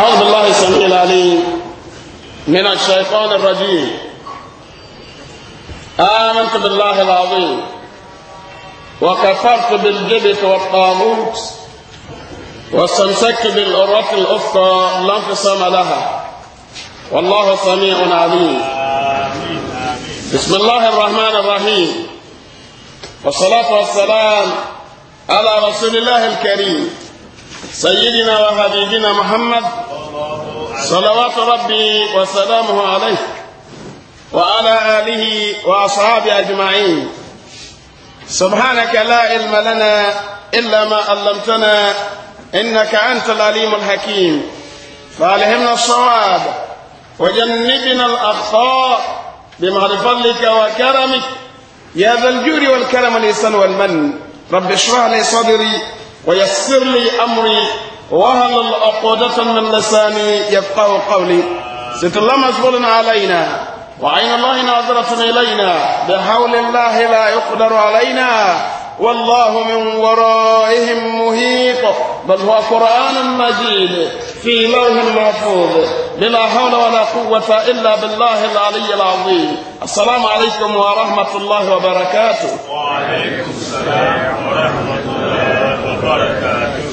أعوذ بالله السميع العليم من الشيطان الرجيم آمنت بالله العظيم وكفرت بالجبت والطاغوت واستمسكت بالعروة الأخرى لا انقسام لها والله سميع عليم بسم الله الرحمن الرحيم والصلاة والسلام على رسول الله الكريم سيدنا وحبيبنا محمد صلوات ربي وسلامه عليه وعلى آله وأصحابه أجمعين سبحانك لا علم لنا إلا ما علمتنا إنك أنت العليم الحكيم فألهمنا الصواب وجنبنا الأخطاء بمعرفة فضلك وكرمك يا ذا الجود والكرم الإنسان والمن رب اشرح لي صدري ويسر لي أمري وهل العقودة من لساني يفقه قولي ست الله مسؤول علينا وعين الله ناظرة إلينا بحول الله لا يقدر علينا والله من ورائهم مهيط بل هو قرآن مجيد في لوح محفوظ بلا حول ولا قوة إلا بالله العلي العظيم السلام عليكم ورحمة الله وبركاته وعليكم السلام ورحمة الله وبركاته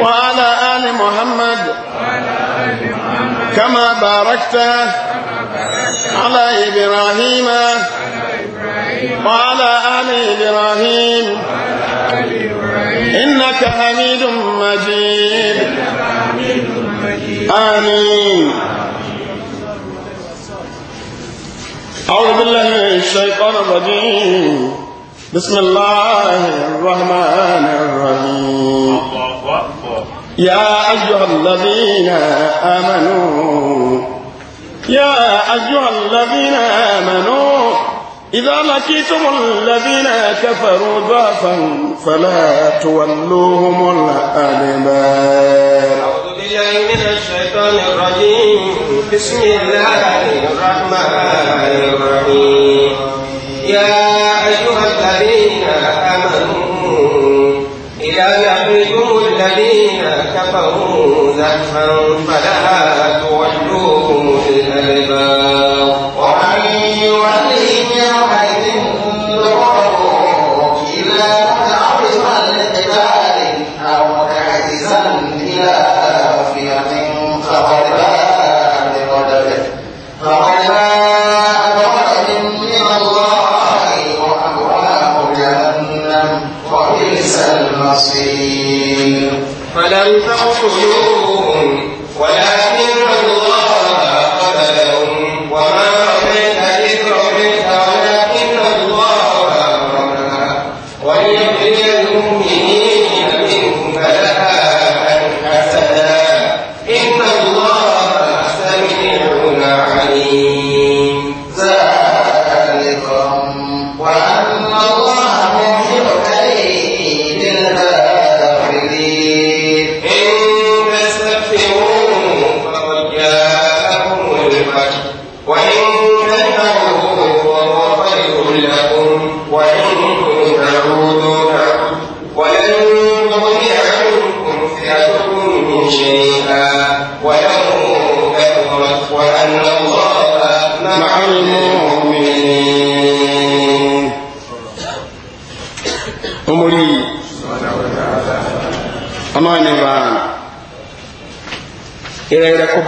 وعلى آل محمد كما باركت على إبراهيم وعلى آل إبراهيم إنك حميد مجيد آمين أعوذ بالله من الشيطان الرجيم بسم الله الرحمن الرحيم يا أيها الذين آمنوا يا أيها الذين آمنوا إذا لقيتم الذين كفروا ضعفا فلا تولوهم الأدبار أعوذ بالله من الشيطان الرجيم بسم الله الرحمن الرحيم خلفا فلا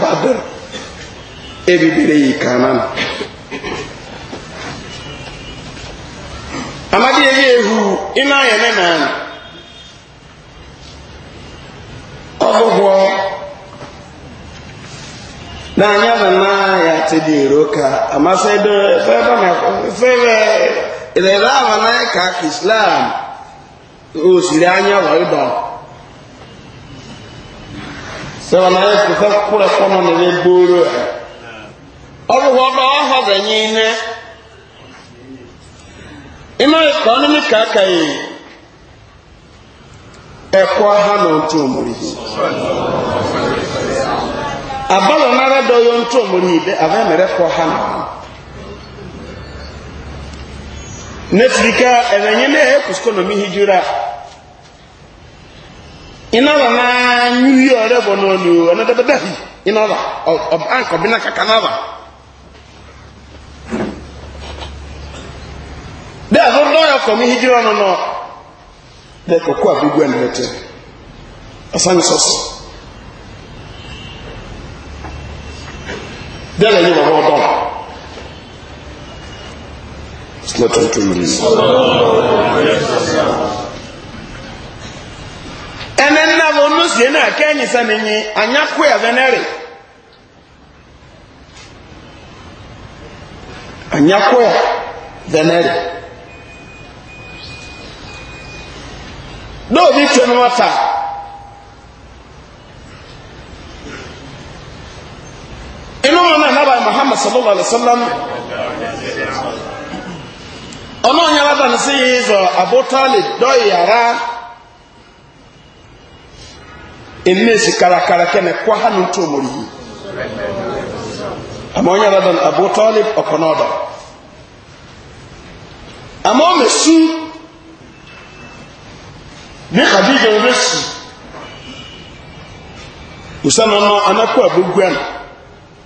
kwadr ebibire ya ike anan amadi eyi ehu ịna eme na ọgwụgwọ na anya na na ya tidi ero ka amasị do febe na febe ilele ama na ka islam osiri anya wa ịbụ dɔba e e na yɛ kusa kura na bɛ booro a ɔbi hɔ dɔ ɔhɔ bɛ nyiinɛ ima kɔn mi kaka yi ha na ɔtu omori yi abalɔ omori ha na nefirika ọ̀rẹ́ bọ̀ náà ni o ọ̀nà dẹ́dẹ́dẹ́ hì iná ọ̀dà ọ̀bánkọ̀ bí náà kàkà náà dẹ́ ẹ̀fọ́ dọ́yọ̀ kọ̀ mí hijira nọ nọ dẹ́ kọ̀kọ́ àbígbó ẹni lẹ́tẹ̀ ọ̀sán sọ́ọ̀sì dẹ́ ẹ̀yìn bàbá ọ̀dọ́ Sọ́tọ̀ tó mú ní. Sọ́tọ̀ tó tie na kenyi sanenyi anyakwe avenere ya venere do bi twe no ata inu mana naba muhammad sallallahu alaihi wasallam ono nyala dan si zo abu talib do yara emesi karakara kene kwa ha no nto mori yi ama onye radan abu talib ọkọna ọdọ ama ọ mesu ne khadija ọbẹ si usan ọnà anakọ abogua no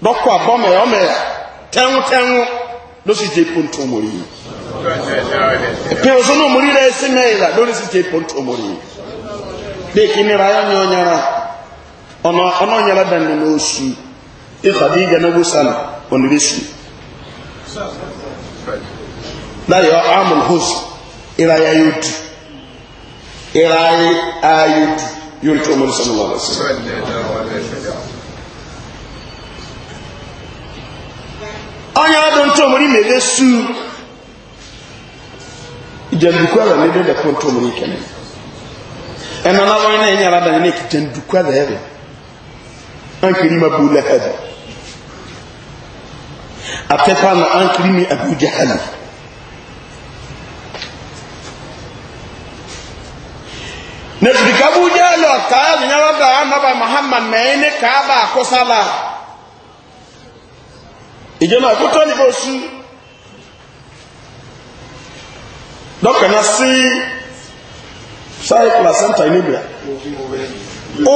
dọkọ abọmọ ẹ ọmọ ẹ tẹnwó tẹnwó n'o si jẹ epo nto mori yi ẹpẹ ọsọ náà mori rẹ yi. deki nira ya nyonyara ono ono nyara dan no osu e khadija na gusana ono risu da amul hus ya otu ira ya otu yuntu umar sallallahu alaihi wasallam onye ọdụ ntụ omori na-ebesu ijem bukwa na n'ebe ndekọ ɛna na wɔn ne nyara dan ne kita ndukwa da ɛbɛ ankiri ma bu lahabi atɛfa na ankiri mi abuja hali. na sirika bu jahali ɔkaa nyara da anaba muhammad mɛn ne kaa baako sala ìjọba àkótó ni bó dọkọ na sí. sáyé placenta inú bìrà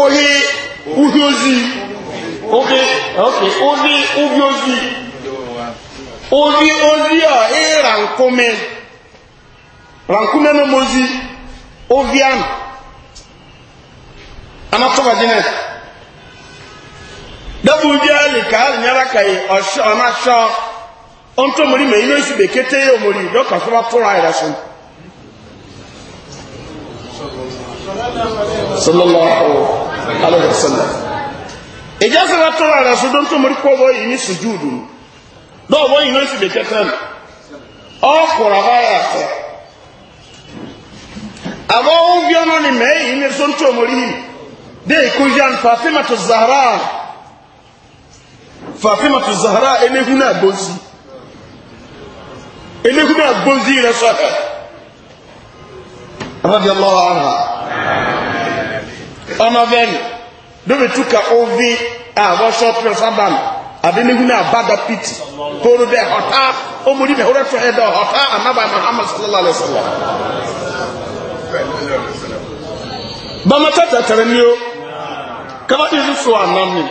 ohi uhi ozi ohi ohi ohi uhi ozi ohi ozi ọ ị e, rankume rankume na mozi ohi ahụ anatọba dị na dabu di ali ka ali nyara ka yi ọsọ ọna sọ ọntọ mori ma ihe osi bekete ya omori dọka sọba tụrụ ayịra sallallahu alaihi wasallam ìjà sí wa tọ́ra rẹ̀ sódó tó mọ̀rí kọ́ wọ́n yìí ní sùjúùdù dọ́ọ̀ wọ́n yìí ló sì lè kẹta nù ọkùnrin àbáyà àtẹ àwọn ohun bí ọ́nà ni mẹ́yìn ní sódó tó mọ̀rí yìí dé ikú yan fàfimatu zahra fàfimatu zahra eléhùn náà gbòzi eléhùn náà gbòzi rẹ̀ sọ́kẹ́ radiallahu anha. ọmọbẹni lóbi túkà ovi àwọṣọ pẹlú sábàm àbẹnigun náà bàdà pìtì tóoru dẹ ọtá ọmọdé mi ọrẹ fẹẹ dẹ ọtá anaba muhammad sallallahu alayhi wa sallam. bàmátà tẹtẹrẹ ni o kaba izu so ni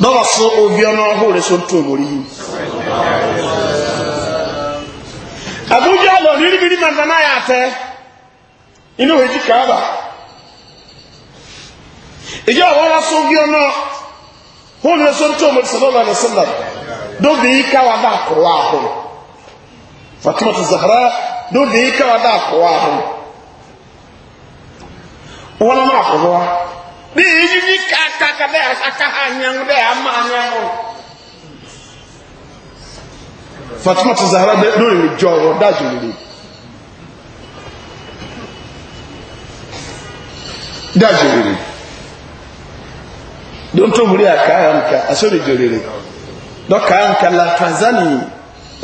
dọwọ so ovi ọnà ọhúnrẹ so tó yìí. abuja lọ rírì bírí màdánà yà inú òwe jí kàábà ìjọ àwọn aṣọ bí ọ̀nà wọn lè sọ tó ọmọdé sọlọ́lá ní sọlá dóbi yìí káwa dá àkọwà àhùn fatima tó zahara dóbi yìí káwa dá àkọwà àhùn wọn lọ máa wa bí yìí yí kàkàkà bẹ́ẹ̀ akáhà nyẹ́nu bẹ́ẹ̀ àmà nyẹ́nu fatima tó zahara dóbi yìí jọ ọ̀rọ̀ dájú nìyí. dájò rere dóńtó múlí àkáyà nǹkan asórèjò rere dọ́kàá nǹkan la tanzani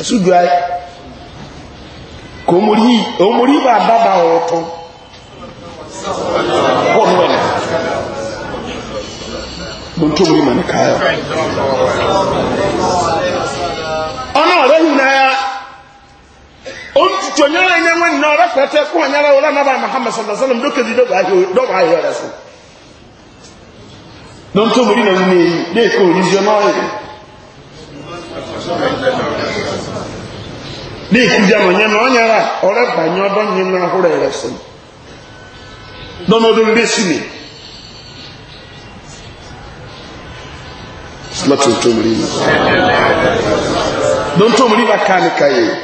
asúdùá kò múlí òmúlí bá bábà ọ̀rọ̀ tó wọ́n wọ́n dóńtó múlí mà ní káyà ọ̀nà ọ̀rẹ́ yìí náà ontutu onyara nye nwe na ọrẹ pẹtẹ kó onyara wọlé anaba muhammed sallallahu alaihi wa sallam dókèdì dọba ayé ọrẹ so dọ́ntọ́ mori na nínú èyí lẹ́ẹ̀kọ́ oníṣẹ́ náà yìí lẹ́ẹ̀kú jẹun ọ̀nyẹ́ na ọ̀nyara ọrẹ bànyẹ́ ọdọ́ nye na ahọ́rọ̀ ẹ̀rẹ so dọ́nà ọdún bẹ́ẹ̀ sí mi. dọ́ntọ́ mori na kánikà yìí.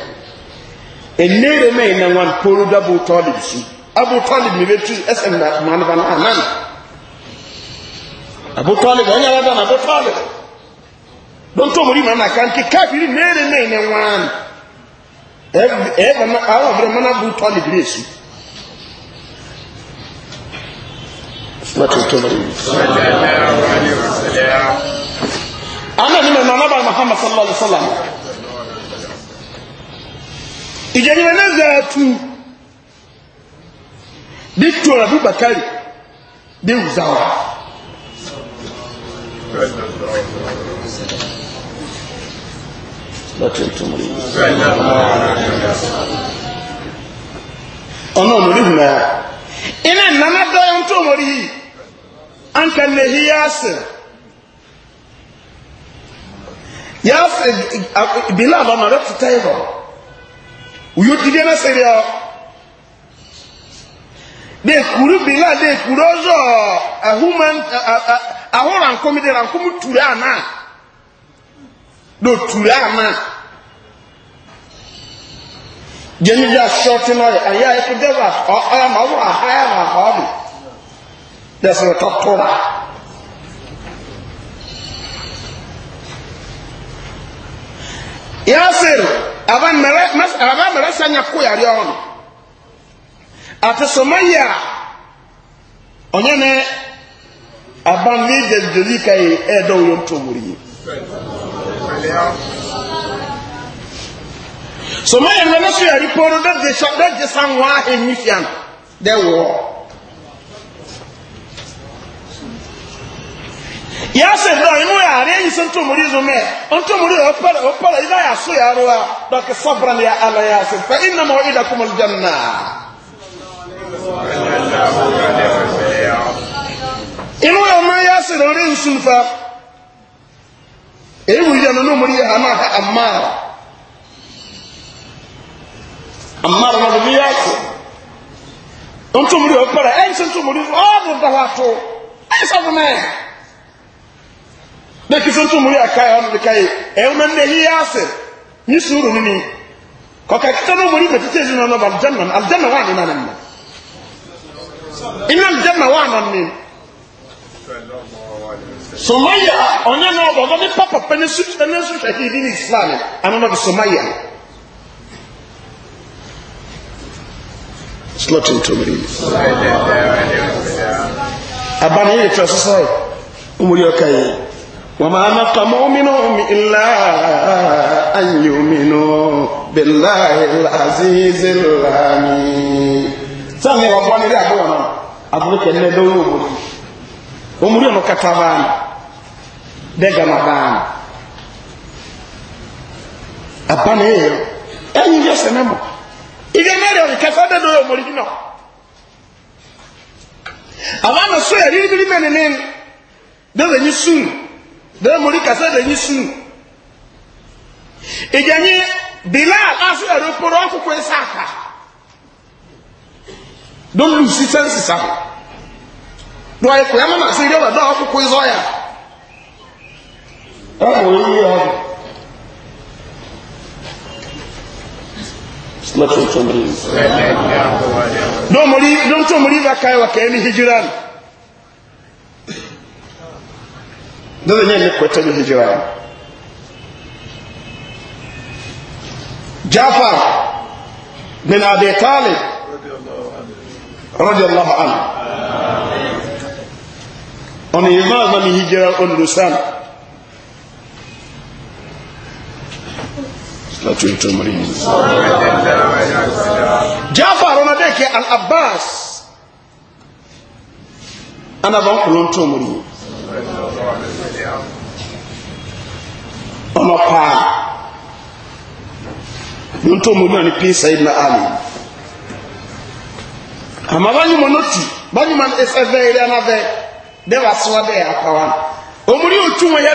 enere me na wan poro da bu talib shi abu talib me betu esem na man ban anan abu talib anya la da abu talib don to mori mana kan ki kafiri nere me na wan e na awa bre mana bu talib re shi ana ni na nana ba muhammad sallallahu alaihi wasallam ìjẹjẹrẹ náà zaatu di tuora fún bakari di wuzawa ọ̀nà ọ̀mọ̀rí hùnà iná nana dọ́yọ̀ tó ọmọrí yìí an ka lè hí yásì yásì ìbílẹ̀ àbámọ̀ rẹ̀ ti tẹ́ ìrọ̀ uyotide na sere ọ de kuru bila de kuru ọzọ ahoma ahọ rankom de rankom turu ana do turu ana jẹni bi asọti náà yẹ ayé ayé kò dẹ́gbà ọ ọ ma ọ wọ aha ma ọ mi dẹ́sẹ̀ ọ̀tọ̀ tóra. yasir aba mmerɛ sanya ko yare ɔno ate somaya ɔnyɛ ne aba ne dɛdɛli ka yi ɛɛdɛ e wo yɔn tɔwori yi somaya ne ne so yare pɔn no dɛ de sanwa ahemmi fiam dɛ wɔ yɛsɛ dɔ inu yɛ ari eyi sɛ ntomori zomɛ ntomori yɛ ɔpɛrɛ ɔpɛrɛ yi n'ayɛ aso yɛ aro a dɔkɛ sabra ni ala yɛ ase fɛ ina ma ɔyi da kɔmɔ jɛn na. inu yɛ ɔmɛ yɛ ase dɔri nsunfa eyi wuli yɛ nono mori yɛ ana ha amaara amaara na bi yɛ ase ntomori yɛ ɔpɛrɛ ɛyi sɛ ntomori ɔɔdo da wa to ɛyi sɛ ɔmɛ lẹ́kí tó ń tún mú rí àkáyà ọ̀nà ìkáyè ẹ̀hún náà lè yíyá àṣẹ ní sùúrù nínú kọ̀kà kíkọ́ náà wọlé ìgbẹ̀tí tẹ̀sí náà lọ́ba aljanna aljanna wà nínú àná nínú iná aljanna wà nínú àná nínú. somaya ọ̀nyá náà ọ̀dọ́ ní pápá pẹ́ni sùsẹ̀ kí ní islam anáná bí somaya. slotting to me. abaniyẹ ìtura sísá yìí ó mú rí ọkà yìí. وما نقموا منهم إلا أن يؤمنوا بالله العزيز العليم sani ọgbọn ilé àbúrò náà àbúrò kẹlẹ lórí òmùrí òmùrí ọ̀nà kata báyìí dẹ́gàmà báyìí àbáni èèyàn ẹ̀yìn yẹ sẹ́nẹ́ mọ̀ ìdí mẹ́rin ọ̀rẹ́ kẹfẹ́ dẹ́ lórí òmùrí jùlọ. àwọn àna sọ yẹ rírí rírí mẹ́rin ní bẹ́ẹ̀ wẹ̀ ní sùn bẹ́ẹ̀ mo rí kásẹ̀ lẹ́yìn sùn ìjẹ́yìn bilal aṣọ ẹ̀rọ pọ̀rọ̀ ọkùnkùn ẹ̀ sáàkà ló lù sí sẹ́ǹsì sá lọ ẹ̀kọ́ ẹ̀ mọ̀nà sí ilé wà náà ọkùnkùn ẹ̀ sọ́yà ẹ̀ wò ó yí ọ̀rọ̀. lọ́tún tó mú rí bá káyọ̀ kẹ́ ní hijira dole ne ni kwatalu hijira jafar bin abi talib radiyallahu anhu on imama ni hijira on lusan jafar ona deke al abbas ana ban kulon tomori ọmọ paa ló mu na-amị. pín sẹ́yìn náà àmì àmọ́ bá nyìmọ̀ nọ́tì bá nyìmọ̀ ẹsẹ̀ bẹ́ẹ̀ ilé ẹ̀ná bẹ́ẹ̀ bẹ́ẹ̀ wà sọ́wọ́ bẹ́ẹ̀ àpáwá òmùrí òtún wọn yẹ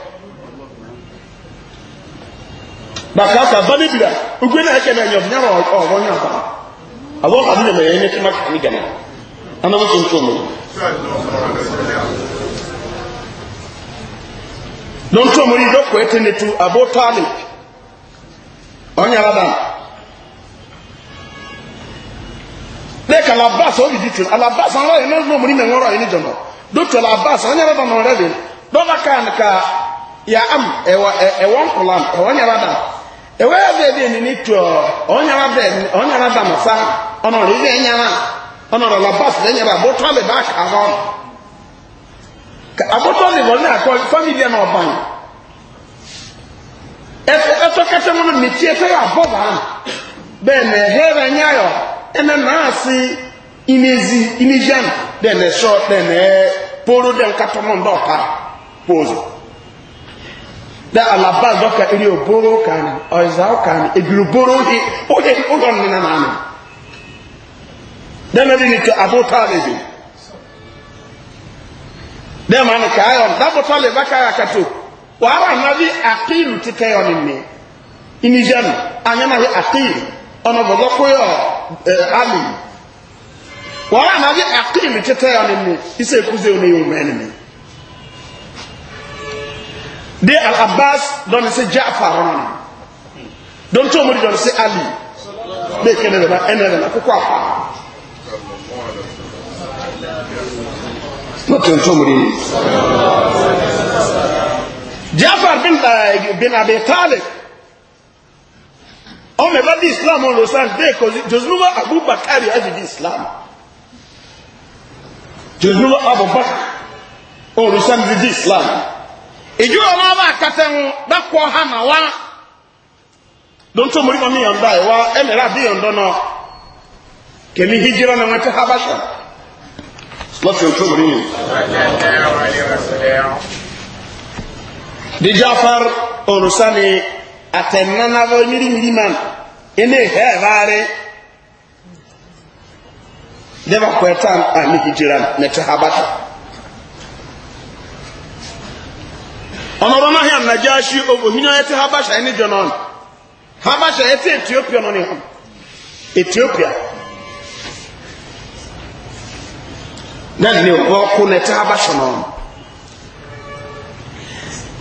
bakasa bane bila ogwe na ake na nyom nyara ọrọ nya ba awo ka bi na me ne kema ni gana ana mo tuntu mo don to mo ri do ko ka la bas o an ra ne no mo ni me ngoro ka ya am e, ewe ave de ni ni to onyara de onyara da masa ono ri de nyara ono ro la bas de nyara bo to be back around ka aboto le wona ko family e, e, e na oban e to kete mo mi tie fe abo ba be ne here nyayo ene na asi imezi imijan de ne short de ne poro de nkatomo ndoka pose da alaba dɔka eri oboro kan ɔzaw kan ebiri boro hi oye ɔgɔn nina naani dɛmɛ bi ni to abo taale bi dɛmɛ ani kaa yɔn dabo taale ba kaa kato wàhálà nà bi akéèlú titɛ yɔ ni mi inijanu anyana bi akéèlú ɔnà bɔbɔ koyɔ ɛɛ ali wàhálà nà bi akéèlú titɛ yɔ ni mi isɛ kuze ne yɛ o mɛ ni mi de al-abbas dɔn sɛ jaafar ɔnɔ dɔn tó mo di dɔn sɛ ali bɛɛ kɛ ne bɛ na ɛnɛ bɛ na kókó afa n'o tɛ n tó mo di ni jaafar bin ɛɛ eh, bin abi taale ɔn mɛ ba di islam ɔn losan bɛɛ kɔ josunuba abubakar yɛ ayi di islam josunuba abubakar ɔn losan di di islam ìjú ọmọ ọba àkàtẹ ń dákọ ha mà wá dọ́ntọ́ mọ́rí mọ́mí yàn báyìí wá ẹ̀mẹ̀rẹ̀ àbí yàn dọ́nà kẹ̀mí hijira náà wọ́n ti ha bá ṣe lọ́sẹ̀ ọ̀tọ́ mọ́rí yìí. di jafar orusani atẹnanabọ mirimiri man ẹni ẹhẹ ẹbaare dẹbà kọ ẹ tán àmì hijira náà ti ha bá ṣe. ọ̀nọ̀rọ̀ náà hìyàn najashi ohinya ẹtì habasha ẹni jọ náà habasha ẹtì ethiopia náà ni hàn ethiopia náà ni ọgbọ kó na ẹtì habasha náà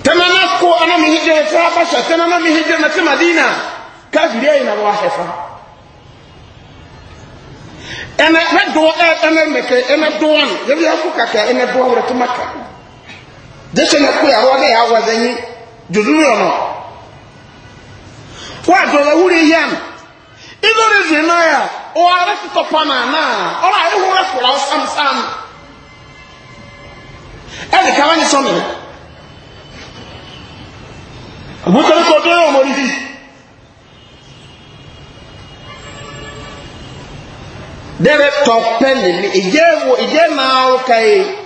tẹnana kó anamihijẹ ẹtì habasha tẹnana mihijẹ ẹtì madina káfíìrì ẹyìn náà wà hẹfà ẹnẹ ẹnẹ dọwọ ẹnẹ mẹkẹ ẹnẹ dọwọ ẹnẹ yẹbi akó kàkà ẹnẹ dọwọ rẹ tó má kàkà dẹ́sẹ̀ ní kú ìyàwó ọdẹ ìyàwó ẹ̀dẹ́ yín jòdúrú ọ̀nà wọ́n àjọyọ̀ wúri yẹn inú rẹ̀ zì náà yà ó ara ti tọpa náà náà ọ̀rọ̀ àyè wúrẹ̀ kúrọ̀ sámsám ẹnì kan wáyé sọmi àbúkọ̀rẹ́ kò dé ọmọ rí dẹ́rẹ́ tọpẹ́ nìmi ìjẹ́ wo ìjẹ́ náà ó kẹ́yìí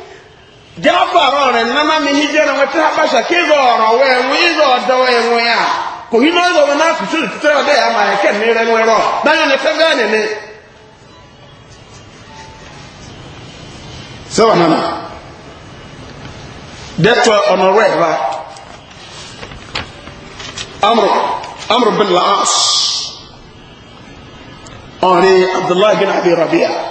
jama fara ɔrɛ nana mi ni jɛna ŋa tira basa k'e bɛ ɔrɔ wɛ ŋo e bɛ ɔdɔ wɛ ŋo ya ko hinɛ dɔ bɛ n'a kutu ni tutura bɛ y'a ma yɛ kɛ ne yɛrɛ ŋo yɛrɛ n'an yɛrɛ fɛn bɛɛ nɛnɛ. sɛbɛn nana dɛtɔ ɔnɔwɛ ba amuru bin laas ɔnri abdullahi bin abi rabia.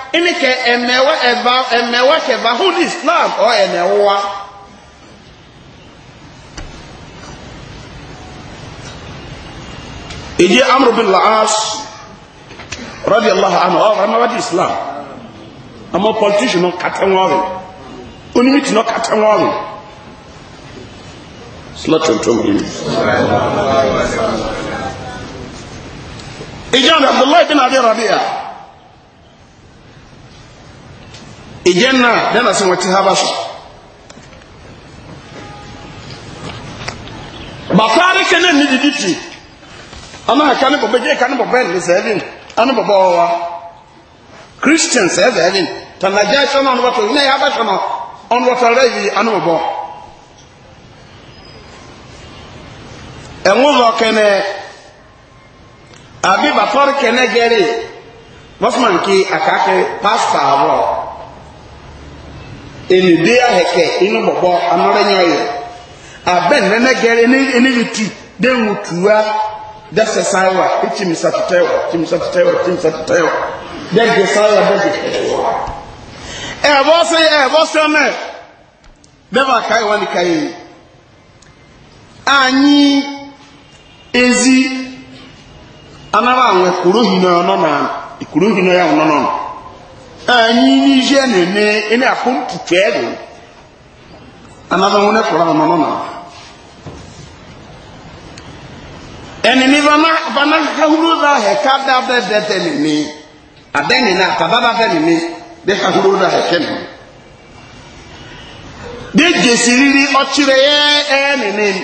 ini ke emewa eva emewa ke va hu islam o emewa iji amru bin la'as radiyallahu anhu o rama wa islam amma politician on katan wawe oni miti no katan wawe slatun tumri ijana abdullah bin abi rabi'a ìjẹ́ náà dẹ́nà sí wọn ti hábà sọ bàtà àríkẹ́ náà ní dìdí tì ọmọ ẹ̀ka ní bọ̀bọ̀ jẹ́ ọwa christian sẹ́ẹ̀dìn tànàjẹ́ ẹ̀ṣọ́ náà ọ̀nà wọ́tọ̀ ilé hábà sọ náà ọ̀nà wọ́tọ̀ enide ahɛkɛ inu bɔbɔ anɔrɛ nyɛ ɔyɛ abɛn nɛnɛ gɛrɛ enibi ti denwu tuwa dɛsɛ sawa eti misa tutɛwa eti misa tutɛwa eti misa tutɛwa dɛgɛ sawa dɛgɛ ɛbɔ e, se ɛbɔ e, se mɛ bɛba kayi wani kayi anyi ezi anaba awon ekuro hinɔ ɔnɔ na ekuro hinɔ ya ɔnɔ na. anyi ni jene ne ene akon tutwele anaza wone kora no na ene ni vana vana hahuru e kada be bete na kababa be ni ni de hahuru e de jesiriri ochire e, ye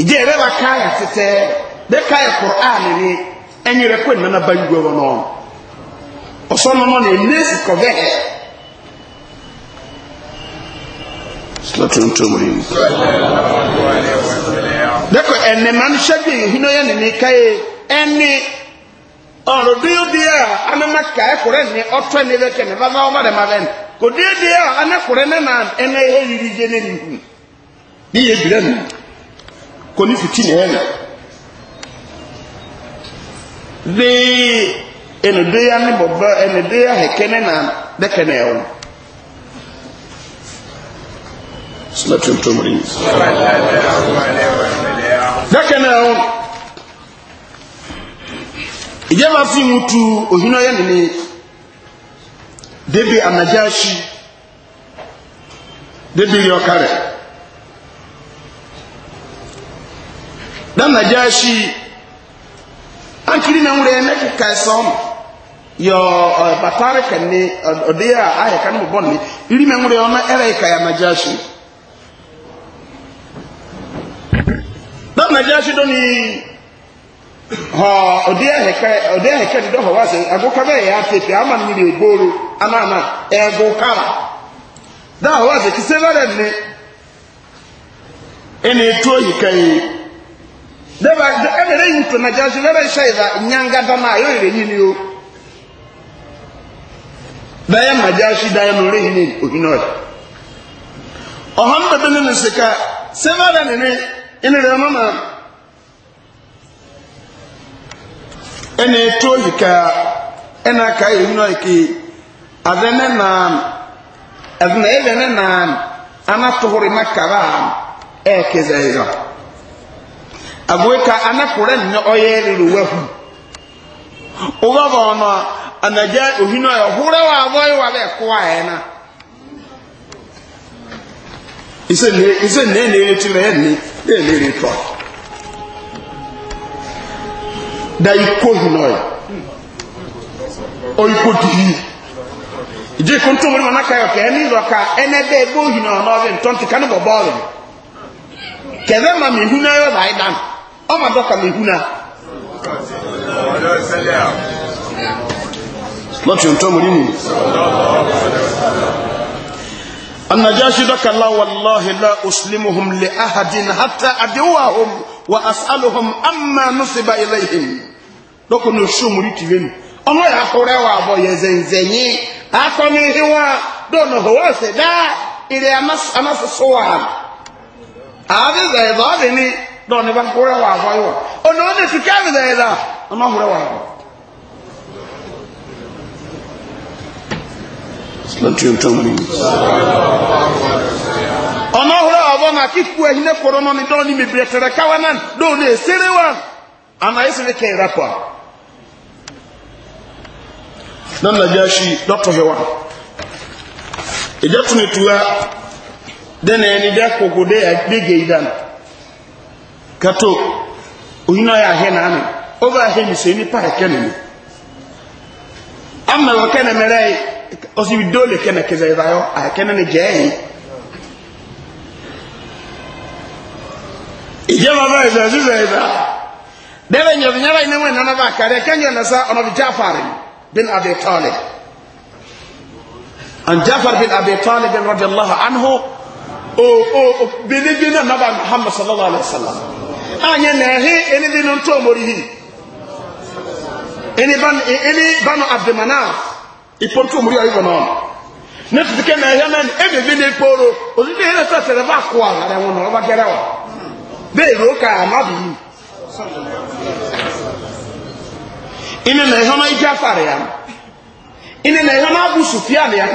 ìdí ẹ̀rẹ́ bá káyà tẹ́tẹ́ bẹ́ káyà kùránì ni ẹni rẹ̀ kó ìnáná bá yúgbẹ́ wọn náà ọ̀sán náà ní nẹ́ẹ̀sì kọ̀vẹ́ ẹ̀ sílẹ̀tún tó mú yìí dẹ́kọ̀ ẹ̀nẹ̀ máa ń ṣẹ́bi ìhúná yẹn nìní káyé ẹni ọ̀rọ̀ díẹ̀ díẹ̀ a anamá káyà kùrẹ́ ní ọ̀tọ́ ẹni bẹ́ kẹ́ ní bá bá ọmọdé má bẹ́ẹ̀ kò díẹ̀ díẹ̀ a anakùrẹ́ náà ẹni ẹ̀yẹ yìí yé ní ìhù bí yẹ gbìlẹ̀ nù kò ní fìtínà ẹ̀nà de ni ní bọ̀bá ẹnìdéyà hẹ̀kẹ́nẹ nà dẹ́kẹ́nẹ ẹ̀wọ̀n sinatun tomori dẹ́kẹ́nẹ ẹ̀wọ̀n ìjẹ́wà fi mu tu òhun ọ̀yẹ́ nìní débi anagyáṣí débi yọ̀ọ́kárẹ̀. dan na jashi an kiri na nwere na kika son yo batare kan ni odiya aye kan mo bonni iri me nwere ona ere ka ya na jashi dan na jashi doni ha odiya he ka odiya he ka do ho wase ago ka be ya tepe ama ni le goro ama ana ego kara da ho wase kisevare ne ene to yi kai deba ebere na jazu bebe shaiza nyanga dana yo ire nyini yo daya majashi daya no re hini ohino ohamba bene ne sika sevara ne ne ene re mama ene to hika ka ehino ki avene na agweka anakuren na oyeriru wehu ugaba ono anaje ohino ya hure wa boy wa be kwa ena ise ne ise ne ne ti me ni ne ne ri to da iko hino ya o iko ti ije kun to mo na ka yo ke ni zo ka ene be bo hino no bi ntonti kan bo bo kẹfẹ ma mi hun n'ayọ ba ayi ọmọ dọ́kà mehuna lọ́tí ọ̀tọ́ mọ̀rí mú annajashi dọ́kà láwàláhì lá òsìlímùhùn lè áhàdín hátà àdíwàhùn wa asálùhùn amma nùsíbà iléhìn lọ́kùn ní oṣù mọ̀rí tìrẹ́ nù ọmọ yà kúrẹ́ wà bọ̀ yẹ ha akọni hiwa dọ́nà hùwà sẹ̀dá ìrẹ̀ anásọ̀sọ̀ wà àbí zẹ̀zọ̀ ọ̀dẹ̀ dɔw ne ba hore wa avɔ yi wa o na o ne sika mi da yi la o ma hore wa avɔ. ɔmɔ hore wa avɔ na kiku ɛhin ne koro nɔ ni dɔw ni mibire tere kawa nan dɔw ne esere wa ana esi ne kɛyira kɔ. na najashi dɔtɔ hɛ wa ìjẹ́ tunu tuwa dẹ́nà ẹni dẹ́ koko dẹ́ gbége yìí dáná kato oyina ya ahɛ na ano ɔba ahɛ mi sɛ nipa ɛkɛ ne mu ama wɔ kɛ ne mɛrɛ yi ɔsi bi dole kɛ ne kɛzɛ ɛba yɔ ahɛkɛ ne ne gyɛɛ yi ìjẹba bá ɛsɛ sísɛ ɛsɛ dɛbɛ nyɛbɛnyɛbɛ yi ne mu ɛnana ba kari ɛkɛ nyɛ na sa bin abi tɔɔli and jaafari bin abi tɔɔli bin rɔdi allahu anhu o o o bene bene naba muhammad sallallahu alaihi wa sallam. anye na ehi eni dị n'otu omorihi eni banu eni banu abdulmanaf ipo otu omori ọyịbọ n'ọnụ na ehe ọnụ ebebi na ikporo ozugbo ihe na-eto etere ba akụ ala na enwe na ọba gere wa bee ruo ka amabi yi ine na ehe ọnụ iji afara ya ine na ehe ọnụ abụ sufiya ya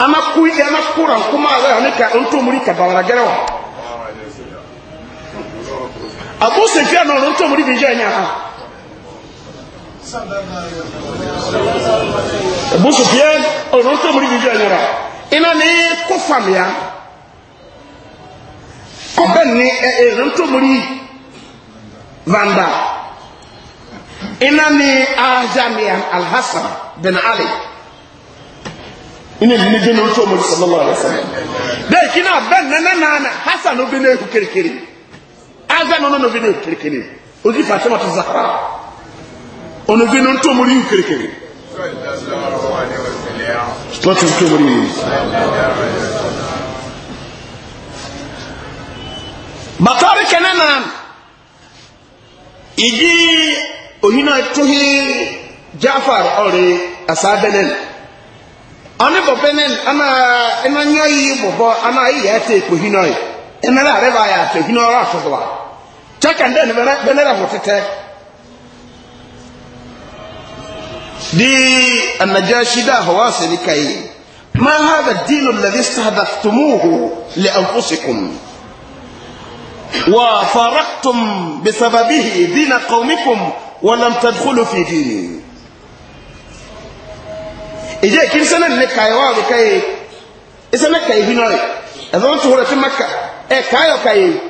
Amakwụ amakwụ amakuru ankuma ala ya ọnụ ka otu omori ka dabara gere wa abu sofiya na ọrụ tó mú níbi iṣẹ́ ha abu sofiya na tó mú níbi iṣẹ́ ẹ̀yà ha iná ní kó fàmìyà ọ̀bẹ ní ẹ̀rọ tó mú ní vanda iná ní ajamiya alhassan bin ali ina hassan azan ono novi ne kerekere ozi fatima ti zahara ono vi no ntomo ri kerekere stọtù ntomo ri yìí bàtàrí kẹne nà ìdí òyìn náà tóhi jafar ọrẹ asadẹnẹ ọni bọbẹ nẹ ana ẹnanyọ yìí bọbọ ana ayé yẹ ẹtẹ ìkpòhin náà ẹnana rẹ bá yà àtẹhin náà ọrọ àtọdọ wa. chaka ndani benera hotete دي النجاشي ده ما هذا الدين الذي استهدفتموه لأنفسكم وفارقتم بسببه دين قومكم ولم تدخلوا في ديني إجاء كم سنة لكي واضي كي إسنة كي هنوي إذا أنت هنا مكة إيه كايو كي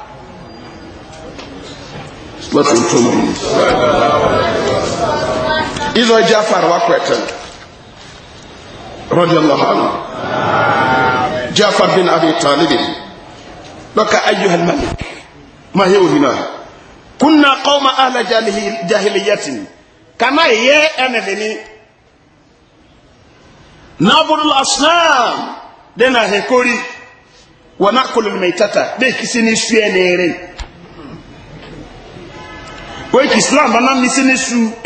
láti ń tó mú un. ìzọ jẹ́ afárá wa kọ̀ ẹ̀tẹ̀ rọ́dí ọlọ́hánà jẹ́ afárá bí nàbí tàlíbì lọ́ka ayé hàlmánì máa yẹ òhìn náà kúnnà kọ́ọ̀mà àlà jahiliyatin kàmá yẹ ẹnìfẹ̀ni nàbùrù asnam dẹ́nà hẹ́kórì wọ́n nàkùlù mẹ́tàtà bẹ́ẹ̀ kìsì ní sùẹ́ nìyẹrẹ́. wake islam ana misi ne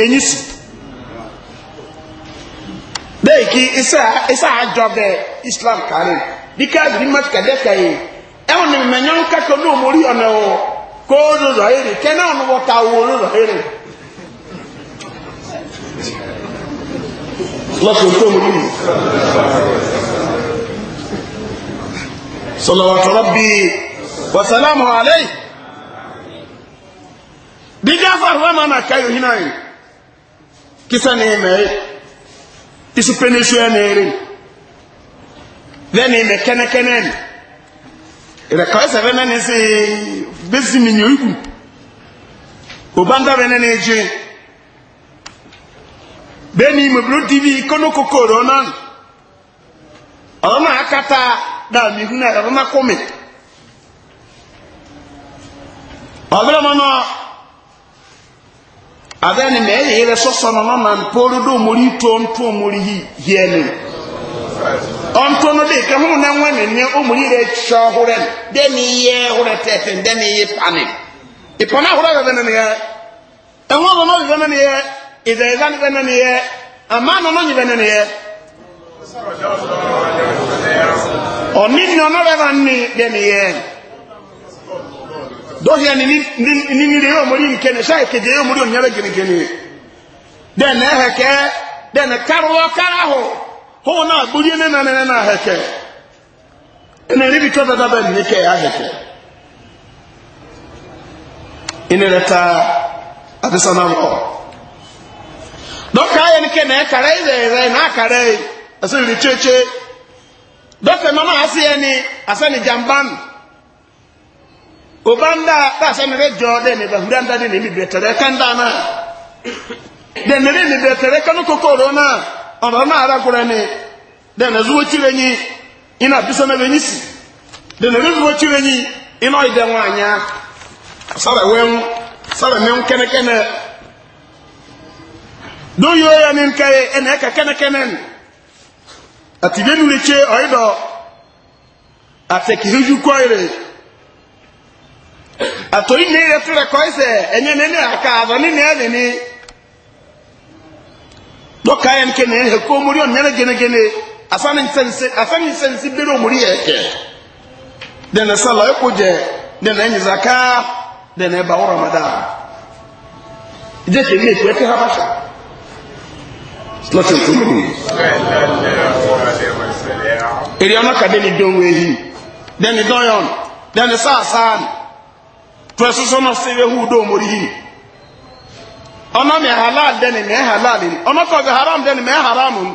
enyi su ịsa isa àjọ islam kárí bí káàdì má ti kàdé kàyé ẹ̀wọ̀n ni mẹ̀nyẹ́ ń kẹ́kọ̀ọ́ o lò lọ èrè ọnụ náà wọ́n ta ahịrị lò bija faruwa ma na kayo hina yi kisa ne me eh? isi penishu ya nere then ime eh, kene kene ni ire kawai sabe na ne se besi mi nyo igu obanda be ne ne je beni mo bro tv kono kokoro na ọmọ akata da mi hu na ọmọ komi ọbẹrẹ mọ náà abẹ́ni mẹ́rin yẹrẹ sọ́sọ́nà lọ́nà pọ́lú dòmórí tó ń tó mórí yẹni ọ̀ntọ́nù dè kẹ́hún náà wọ́n ní ní ọmọrí rẹ̀ tíọ́ húrẹ́ dẹ́ni yẹ húrẹ́ tẹ́tẹ́ dẹ́ni yẹ pani bene dɔhia ninire yɛ ɔmɔri nkɛnɛ sɛ ɛkɛgye yɛ ni onyɛrɛ genegene dɛ na ɛhɛkɛ dɛ na karoɔ kara ho ho na agbodie ne nanene na ahɛkɛ ɛna ɛne bi tɔ dada bɛ nne kɛ ahɛkɛ ɛne rɛ taa abisa na wɔ dɔka ayɛ ne kɛ na ɛkara yi rɛrɛ na akara yi ɛsɛ ne kyekye dɔka mama ase ni ne asɛ ne gyamban Oba obanda basemere jode ne bahuranda ne mi betere kanda na de ne mi betere kanu kokoro na ọrọ na ara kure ni de ne zuwo chire nyi ina biso na benyi si de na zuwo chire nyi ina ide nwanya sara wen sara men kene kene do yo ya ni ke ene ka kene kene ati benu leche oido atekihuju eh. kwa ile àtòyí ní ilẹ̀ tó rẹ̀ kọ́ ẹsẹ̀ ẹni nínú àká àbọ̀ nínú ẹ̀rìn ni dọ́kà yẹn kí ni ẹ̀kọ́ omori ọ̀nà ẹ̀rẹ́ gẹ́nẹ́gẹ́nẹ́ afẹ́nisẹ́nsẹ́ bẹ́rẹ̀ omori yẹ kẹ́ dẹ̀nà sálọ ẹ̀kọ́ jẹ dẹ̀nà ẹ̀yìn zaka dẹ̀nà ẹ̀bà wọ́n ramada ìjẹ́sẹ̀ ní ètò ẹ̀kẹ́ habasha lọ́tọ̀ tó mú èrè ọ̀nà kàdé ni dọ́wọ́ ehi dẹ̀ni dọ́yọ̀n dẹ̀ni sáàsáàni tọ́ ẹ̀sọ́sọ́ náà ṣe wéhù dó mórí Ọnọ ọ̀nà mi halal dẹ́ni mẹ́ halal ni ọ̀nà kọ́ haram dẹ́ni mẹ́ haram ni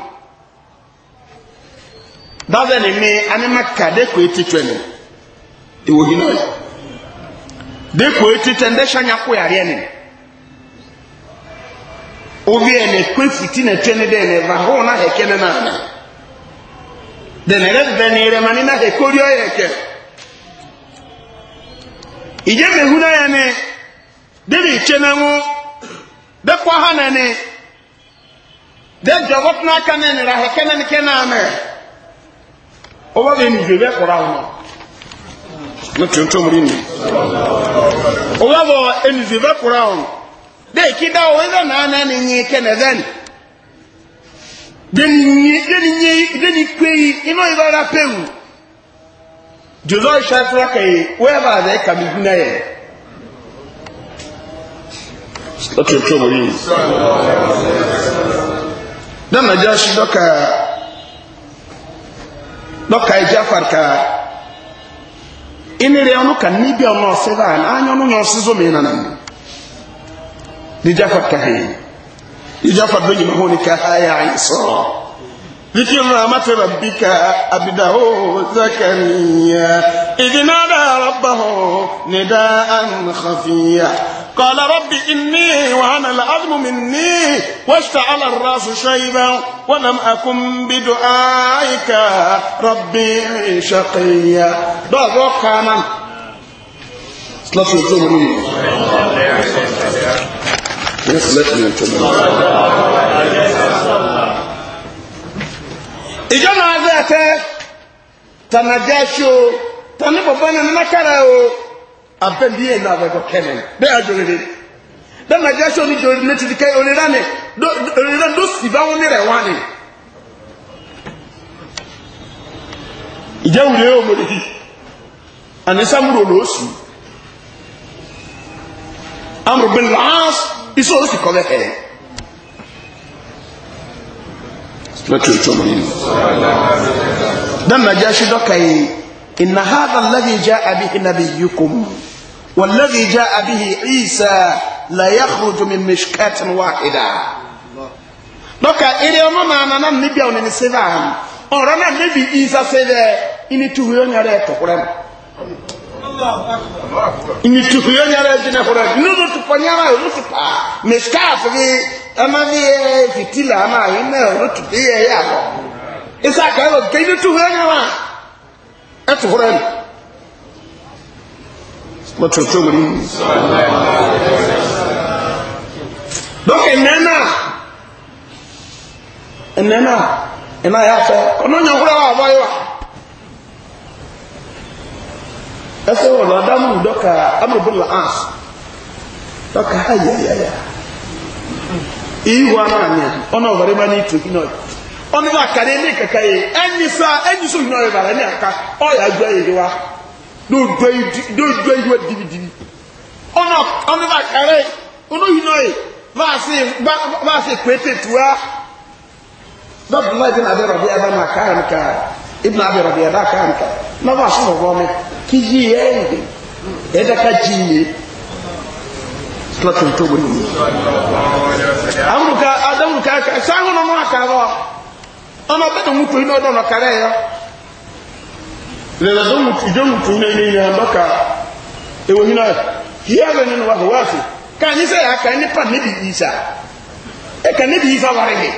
dábẹ́ ni mi anima ka dẹ́kọ̀ etí ni ìwò yìí náà dẹ́kọ̀ etí twẹ́ ndẹ́ sanya kó yàrá ni obi ẹ̀ ní ni hó na ni ije mehuna ya na, dili chenangu na kwa na ni de jawab na kana ni rahe kana ni kana na o wa ni jebe kora wono no tuntu N'otu ni o wa de na na ni ni kana zani de ni ni pewu jozo ishafura kai weba zai kami gina yɛ ɔtɔ tó mo yi dama na ɔsi dɔka dɔka yi ka ɔno ka ɔno ba na anya ɔno zo mi nana mi di jafar ka hɛn nyima ka ha yɛ ayi sɔrɔ. ذكر رحمة ربك عبده زكريا إذ نادى ربه نداء خفيا قال رب إني وهن العظم مني واشتعل الرأس شيبا ولم أكن بدعائك ربي شقيا دوغو كانا سلاسل زمني يسلسل انتبه ìjọ náà bẹ́ ẹ tẹ́ tànàjẹ́ ṣe o tani bàbá náà nínú kára o abẹ́bí yẹn náà bẹ́ẹ̀ kẹ́lẹ̀ bẹ́ẹ̀ àjọyọ̀ rẹ̀ tànàjẹ́ ṣe oníjọ rẹ̀ létí kẹ́ onírà ni onírà ló sì bá wọn nírẹ̀ wá ni. ìjẹ́wùrẹ́ yóò mọ̀ lórí àní sámúrò ló sì amúrò bẹ́ẹ̀ lọ́s iṣẹ́ òsì kọ́ bẹ́ẹ̀ lọ́tún tó mú yìí dan na jashi doka yi inna hadha alladhi jaa bihi nabiyyukum والذي جاء به عيسى لا يخرج من مشكاة واحدة دوكا إلي أماما أنا نبيا ونن سيفان أرانا نبي عيسى سيفا إني تهيون يرى تقرم إني تهيون يرى جنة قرم نوزو تفنيانا يوزو تفا مشكاة في ɛma ne yɛ fitila ama ayi na ɔno tu bi yɛ yɛ alɔ isa ka yɛ ɔdi kɛyi tu hɔ wa ɛtu hɔ ɛnu wɔtɔ tó wuli dɔkɛ nɛɛna nɛɛna ɛna yɛ afɛ ɔno nyɛ nkura wa ɔbɔ yi wa ɛsɛ wɔlɔ adamu dɔkɛ amadu la ans dɔkɛ ayɛyɛyɛ. ihu ananya ọna ọbara ịba n'ite gị ọ ọnụ ba kara eme kaka ya enyi sa enyi bara n'aka ọya ya eri wa n'odwa ihu dibidibi ọnụ ọnụ ba kara ọnụ gị n'ọyị baasị baasị kwete tuwa na abịa rọbịa ebe na aka ha nka ibi na abịa ebe aka ha nka na kiji ya ebe edaka ji ya platon tó wòye yìí amúrùká adámúrùká sáhùn ọmọ àkàrọ ọmọ bẹ́ẹ̀ mú tóyún ọdún ọ̀nà kárẹ́ yọ lẹ́lẹ́dọ́ ìjọ́mù tóyún ẹni ní àbáka ewu yìí náà yíyá rẹ̀ nínú wa wá sí káyí sẹ́yà aka ẹni pa níbi ìsà ẹ̀ka e níbi ìsà wárí yìí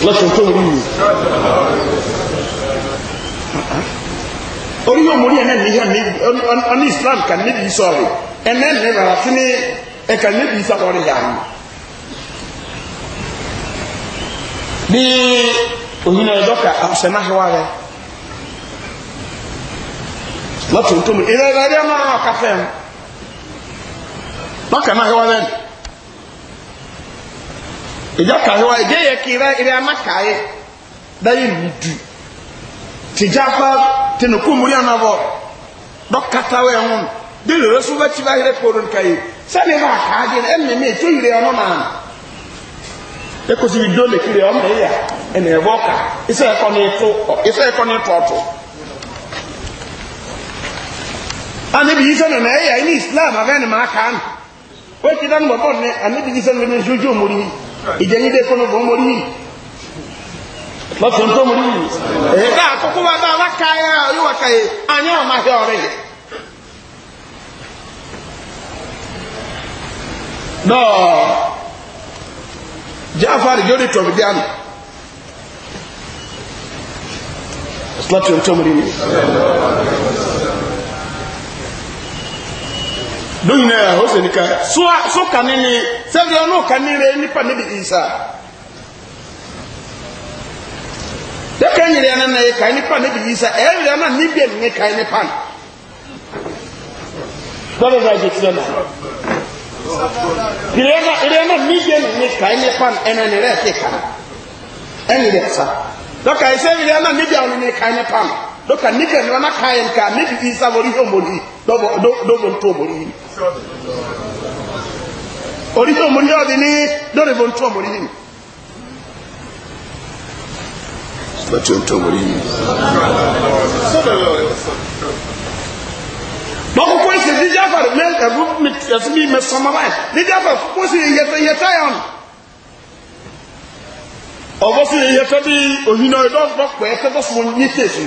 platon tó wòye yìí orí yóò mórí ẹ̀nẹ́ ní yẹn ní islam kà níbi sọ̀rọ̀ ẹ̀nẹ́ ní rárá sí ní ẹ̀ka níbi sọ̀rọ̀ yà mí. bí òyìn náà dọ́kà àṣẹmá hẹwà rẹ lọ́tún tó mu ìrẹ́ rẹ̀ rẹ̀ máa wà káfẹ́ mu lọ́kà máa hẹwà rẹ̀ ìjọ kà ìjẹ́ yẹ kí ìrẹ́ ìrẹ́ amákàáyé bẹ́ẹ̀ ni tìjà fáwọn tinu kumuri anabɔ dɔkatawe ɛhun de lori so bɛ ti ba yɛrɛ kporo nka ye sani ba kaa di ɛmɛ mi eto yire ɔno na ekosi bi do lekiri ɔmɛ eya ɛnɛ ɛbɔ ka isɛ ɛkɔ ni to isɛ ɛkɔ ni tɔɔto anabi yi sɛ nana eya ɛni islam afɛ ni maa kaa no o ti danu bɔ bɔ ne anabi yi sɛ nana esuju mori. ìjẹni de kɔnɔ bɔ omori yi lọ́sùn tó mú yìí èdè àkókò wa bá wa ká yá yíwá ká yìí ànyá ọ̀ma hẹ́ ọ̀rẹ́ yìí. dọ́ọ̀ jáfàrí jórí tọ̀bí bí àná lọ́sùn tó mú yìí. lóyún náà ó sì ní ká sọ́kà nínú sẹ́fì ọ̀nà òkà nínú nípa níbi ìsà. dɛkɛ nyere ya nana ye kae ne pan ne bi yi sa ɛyɛ nyere ya nana ne bia ne kae ne pan dɔbɛ bɛ agye tirɛ na nyere ya nana nyere ya nana ne bia ne kae ne pan ɛna ne rɛ te ka ɛne rɛ sa dɔka ɛsɛ nyere ya ne bia ne kae ne pan dɔka ne bia ne kae ne ka ne bi yi wɔri hɛ omori dɔbɔ dɔbɔ ntɔ omori ori hɛ omori yɛ ɔdi ni dɔri bɔ ntɔ omori yi. bàtí ó ń tọ́ wọlé mi. bọ́kú kó ṣe ní jáfàrí lé ẹ̀rú mi ẹ̀sùn mi mi sọmọ báyìí ní jáfàrí kó ṣe yẹtẹ yẹtẹ yẹn ọ̀bọ̀ sí yẹtẹ bí òyìn náà dọ́pọ̀ ẹ̀tẹ́ tó fún ní tèṣù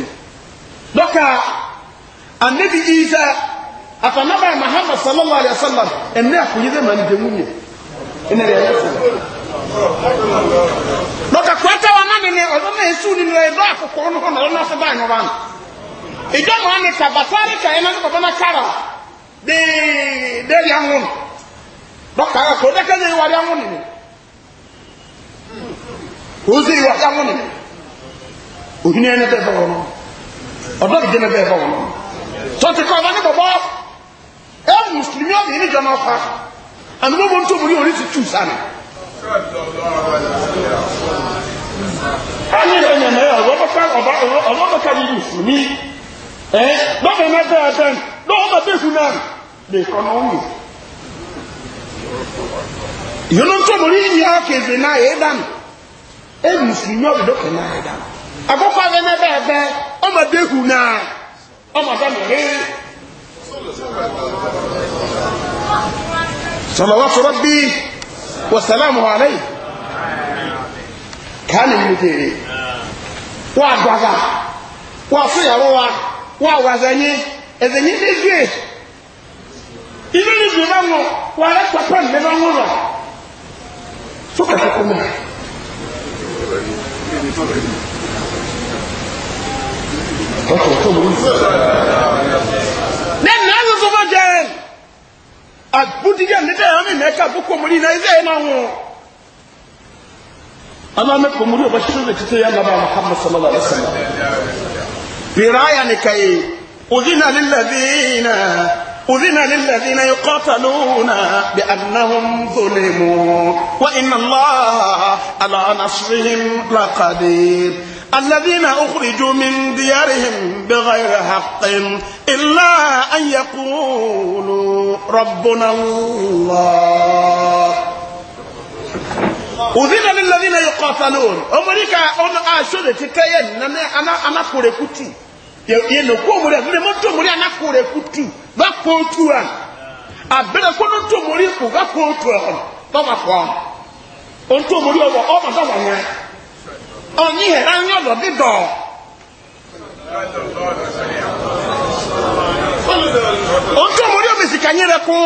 dọ́kà anabi isa àtànàbà muhammad sallallahu alayhi wa sallam ẹ̀mí àkùnyin dẹ́ màá ní dẹ́mú mi ẹ̀ lọ́kà kúẹ́tà wa náà nínú ọ̀dọ́ náà èsù nínú ẹ̀dọ́ àkókò ọ̀nà ọ̀nà ọ̀nà ọ̀sẹ̀ báyìí nọ̀rọ̀ àná ìjọ mọ̀ á ní kàbàtàrí kàyẹ́ náà bàbá náà kára déédéé yà ń wọ̀n lọ́kà kò na lè wà yà ń wọ̀n nínú kò sí ìwà yà ń wọ̀n nínú òhun ẹni bẹ́ẹ̀ bọ̀ wọn ayé ẹ̀yẹ̀ náà ọ̀dọ́mọ̀ká yìí ìfù ní ẹ́ wasalamu alayhi kàánì mú jèrè wà gbàgbà wà fúyàwó wa wà wàzẹ̀yìn ẹ̀zẹ̀yìn ní ìgbé inú ní ìgbé bá wọn wà rẹ̀ pàpà ní bá wọn rọ̀ fúkàtà kọ́ agbódìyà ní dẹ́yà mi mẹ́ka bó kòmòrì náà ẹ̀zẹ̀ náà wọ̀. ana mẹ́ kòmòrì ọba ṣíṣe lè títí yá nàbà muhammad sallallahu alayhi wa sallam. bìráyà nìkan yìí òdìnà lílẹ̀dínà òdìnà lílẹ̀dínà yóò kọ́tàlónà bí anahun zolimu wa iná lọ́ha alá nasirihim lakadé. الذين أخرجوا من ديارهم بغير حق إلا أن يقولوا ربنا الله أذن للذين يقاتلون أمريكا أنا أشهد تكاين أنا أنا أنا كوريكوتي yẹnukú omori àti mọtò a abẹrẹkọ nọtò omori kò bákò otu a bábà kọ ọ̀nyí hẹ̀rẹ̀ anyọ́dọ̀ dídọ̀ ọ̀ntọ́ mọ̀rí ọ̀mẹ̀sì kanyẹ rẹ̀ kú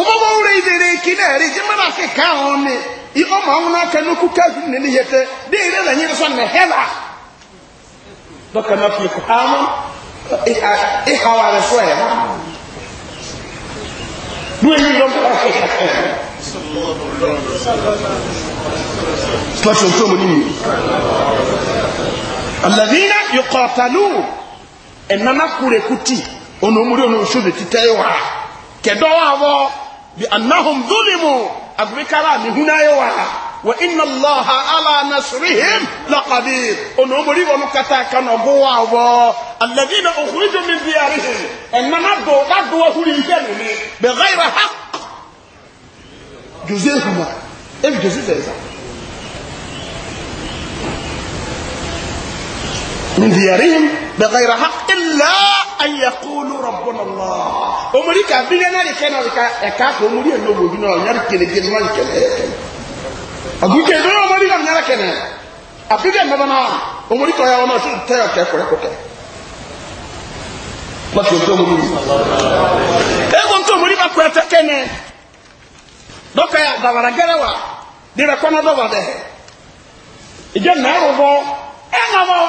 ọmọbọ wúre ìdèrè kí náà rí jẹ́ mẹ́ta sí ká àwọn ọmọ ìfọ́ mọ̀ àwọn náà kẹ́ lókù káàkiri nínú yẹ tẹ́ dé ìrẹ́ lẹ́yìn rẹ̀ sọ́nà hẹ́là dọ́kà náà fi kù hàmọ́ ìhàwà rẹ̀ sọ́ ẹ̀ hàn Dúró yìí lọ́kọ̀ ọ̀fẹ́ slash ohun tó mo nínú alàdínà yọkọ̀ọ̀tàlù ẹ̀nana kúrẹ́kútì ọ̀nà omúrí ọ̀nà òṣòdì títẹ́ yìí wá kẹ̀dọ́ wà wọ́ bí anahum dúlìmù àgbékárà mi hún náà yìí wá wà iná lọ́ha alánasirihim lọ́kàdì ọ̀nà omúrí wọn kàtà kan ọ̀gbọ́n wà wọ́ alàdínà òkúrìjọ mi bí àríhìn ẹ̀nana dò bá dò ọ̀húrì ìfẹ́ mi bẹ̀rẹ̀ ìrà hàk josé hùmà ẹ̀fì josé fẹ̀ من ديارهم بغير حق إلا أن يقولوا ربنا الله أمريكا كابين أنا لكن أنا كاف أمري أنه مبين أنا لكن لكن ما لكن أقول كذا أمري أنا لكن أفيد أنا بنا أمري كذا أنا شو تيا كيف ولا كذا ما شو تقول أمري إيه كنت أمري ما كنت كنا دكتور دبارة جلوا دي ركونا دبارة إذا نعرفه إيه ما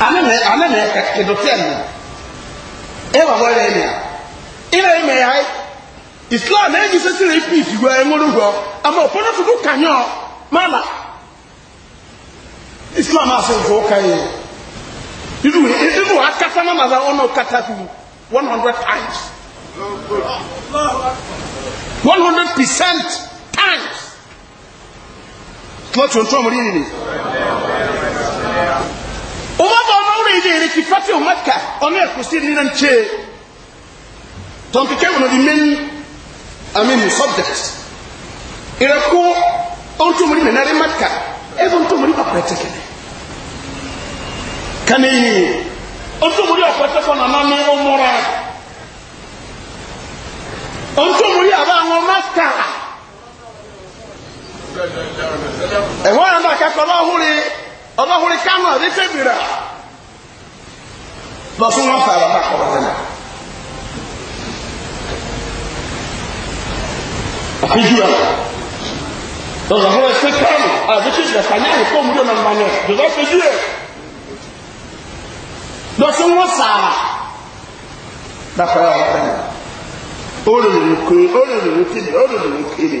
anene anene kedotene ewa wale ne ina ime e, e, e ya islam na nyi sesi le peace gwa enwuru gwa ama opono fudu kanyo mama islam ase zo kai idu idu akata mama za ono kata tu 100 times 100% times Kwa chonchomri nini? umava onaure ile ile kipati umaka one kusiri nina nche tonkike uno di main i mean subject ile ko onto muri na re maka ezo onto muri pakweteke kane ni onto muri akweteke na mami omora onto muri aba ngo maka ẹ̀wọ́n àdàkẹ́kọ̀ọ́ lọ́hùn-ún ọlọ́hùnrin kánú àbí tẹ̀bìrà lọ fún wọn fàrà bá kọ̀ ọ́dẹ́nà. àpéjú ẹ̀ lọ́sọ̀ fún ẹsẹ̀ kánú àbí tẹ̀bìrà kàní àyè fún òmùdó náà mọ̀nyẹ́ jọ̀dọ̀ àpéjú ẹ̀ lọ fún wọn fàrà bá kọ̀ ọ́dẹ́nà. ó lè lè kéré ó lè lè kéré ó lè lè kéré.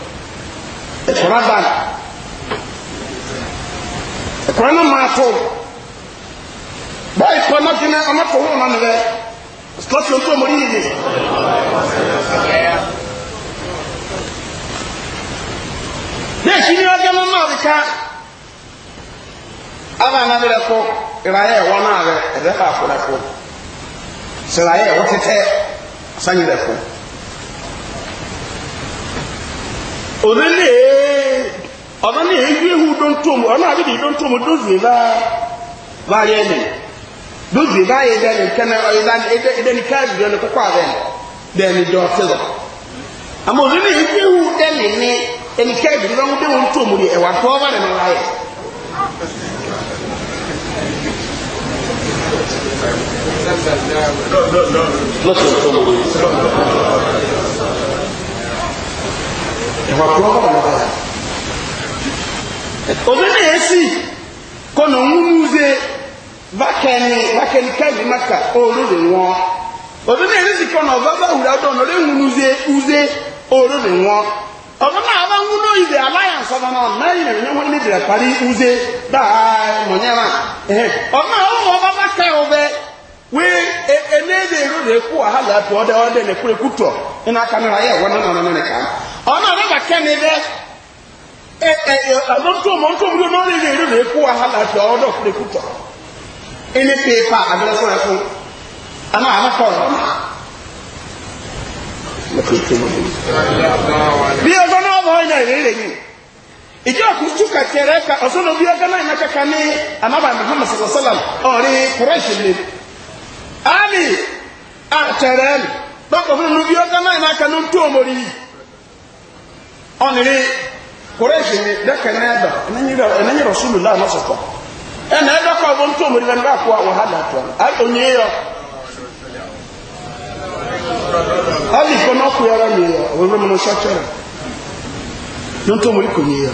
ɛkora dan ɛkora no maa to bɔɔl kɔ no gyina ɔmo to wɔn nan rɛ sitɔtio nso ɔmo yiyi ne kyini ɔgɛ no maa ɔdeka aba nan rɛ kɔ irayɛ ɛwɔ naa rɛ ɛdɛ baako rɛ kɔ sirayɛ ɛwɔ tɛtɛ sanyi rɛ kɔ. òní ní na ọ̀nà ní èé yéhu dóńtòmù ọ̀nà àbídì dóńtòmù a bá báyé ni dózì báyé dẹni kẹnẹ ọ̀yẹ́dání nke káàdì dẹni kókó àbẹ dẹni dọ̀tí lọ. àmọ́ òní ní èé yéhu dẹni ní ẹni káàdì dọ́mú tó ọba nínú lọ́sọ̀rọ̀ tó ẹ̀wà kúrọ́ bọ̀ lọ́wọ́ yà. òbí ni èsì kọ́ nà ń múze bákẹ́ni bákẹ́ni káyìí máka òòrùn lè wọ́n òbí ni èsì kọ́ nà ọ̀bá bá wùdà dọ̀ nà ó lè ń múze úze òòrùn lè wọ́n ọ̀bí náà bá ń múná ìdè alliance ọ̀nà náà náírà ní wọ́n níbi rẹ̀ parí úze dáa mọ̀nyẹ́rà ọ̀bí náà ó wọ́n bá bá kẹ́ ọ we enede e, ero de ku to kuto e, na ye wona na na ne kan ona na ba ken ne de e e to e, mo to mo no le de ku kuto ene pe pa so ana ana ko na bi o na ba ina ere re ni ìjọ ka ọ̀sán ló bí ọgá náà ìnáka ní muhammad sallallahu wa sallam ali atẹrẹ mi dọkọ fún mi bí ọjọ náà iná kan ló ń tó omori yìí ọ̀nìrì kùrẹ́ẹ̀sì ni dẹ́kẹ̀ náà dọ̀ ẹ̀nẹ́yìn rọ̀ṣùlù láàánú sọ̀tọ̀ ẹ̀nà ẹ̀dọ́kọ̀ ọ̀bọ̀ ń tó omori lẹ́nu bá kó àwọn hàdà tó ọ̀nà onye yọ ali kọ́nà ọkùnrin ọ̀rọ̀ mi yọ òun ló mú un ṣọ́ọ̀ṣọ́rọ̀ ló ń tó omori kò ní yọ.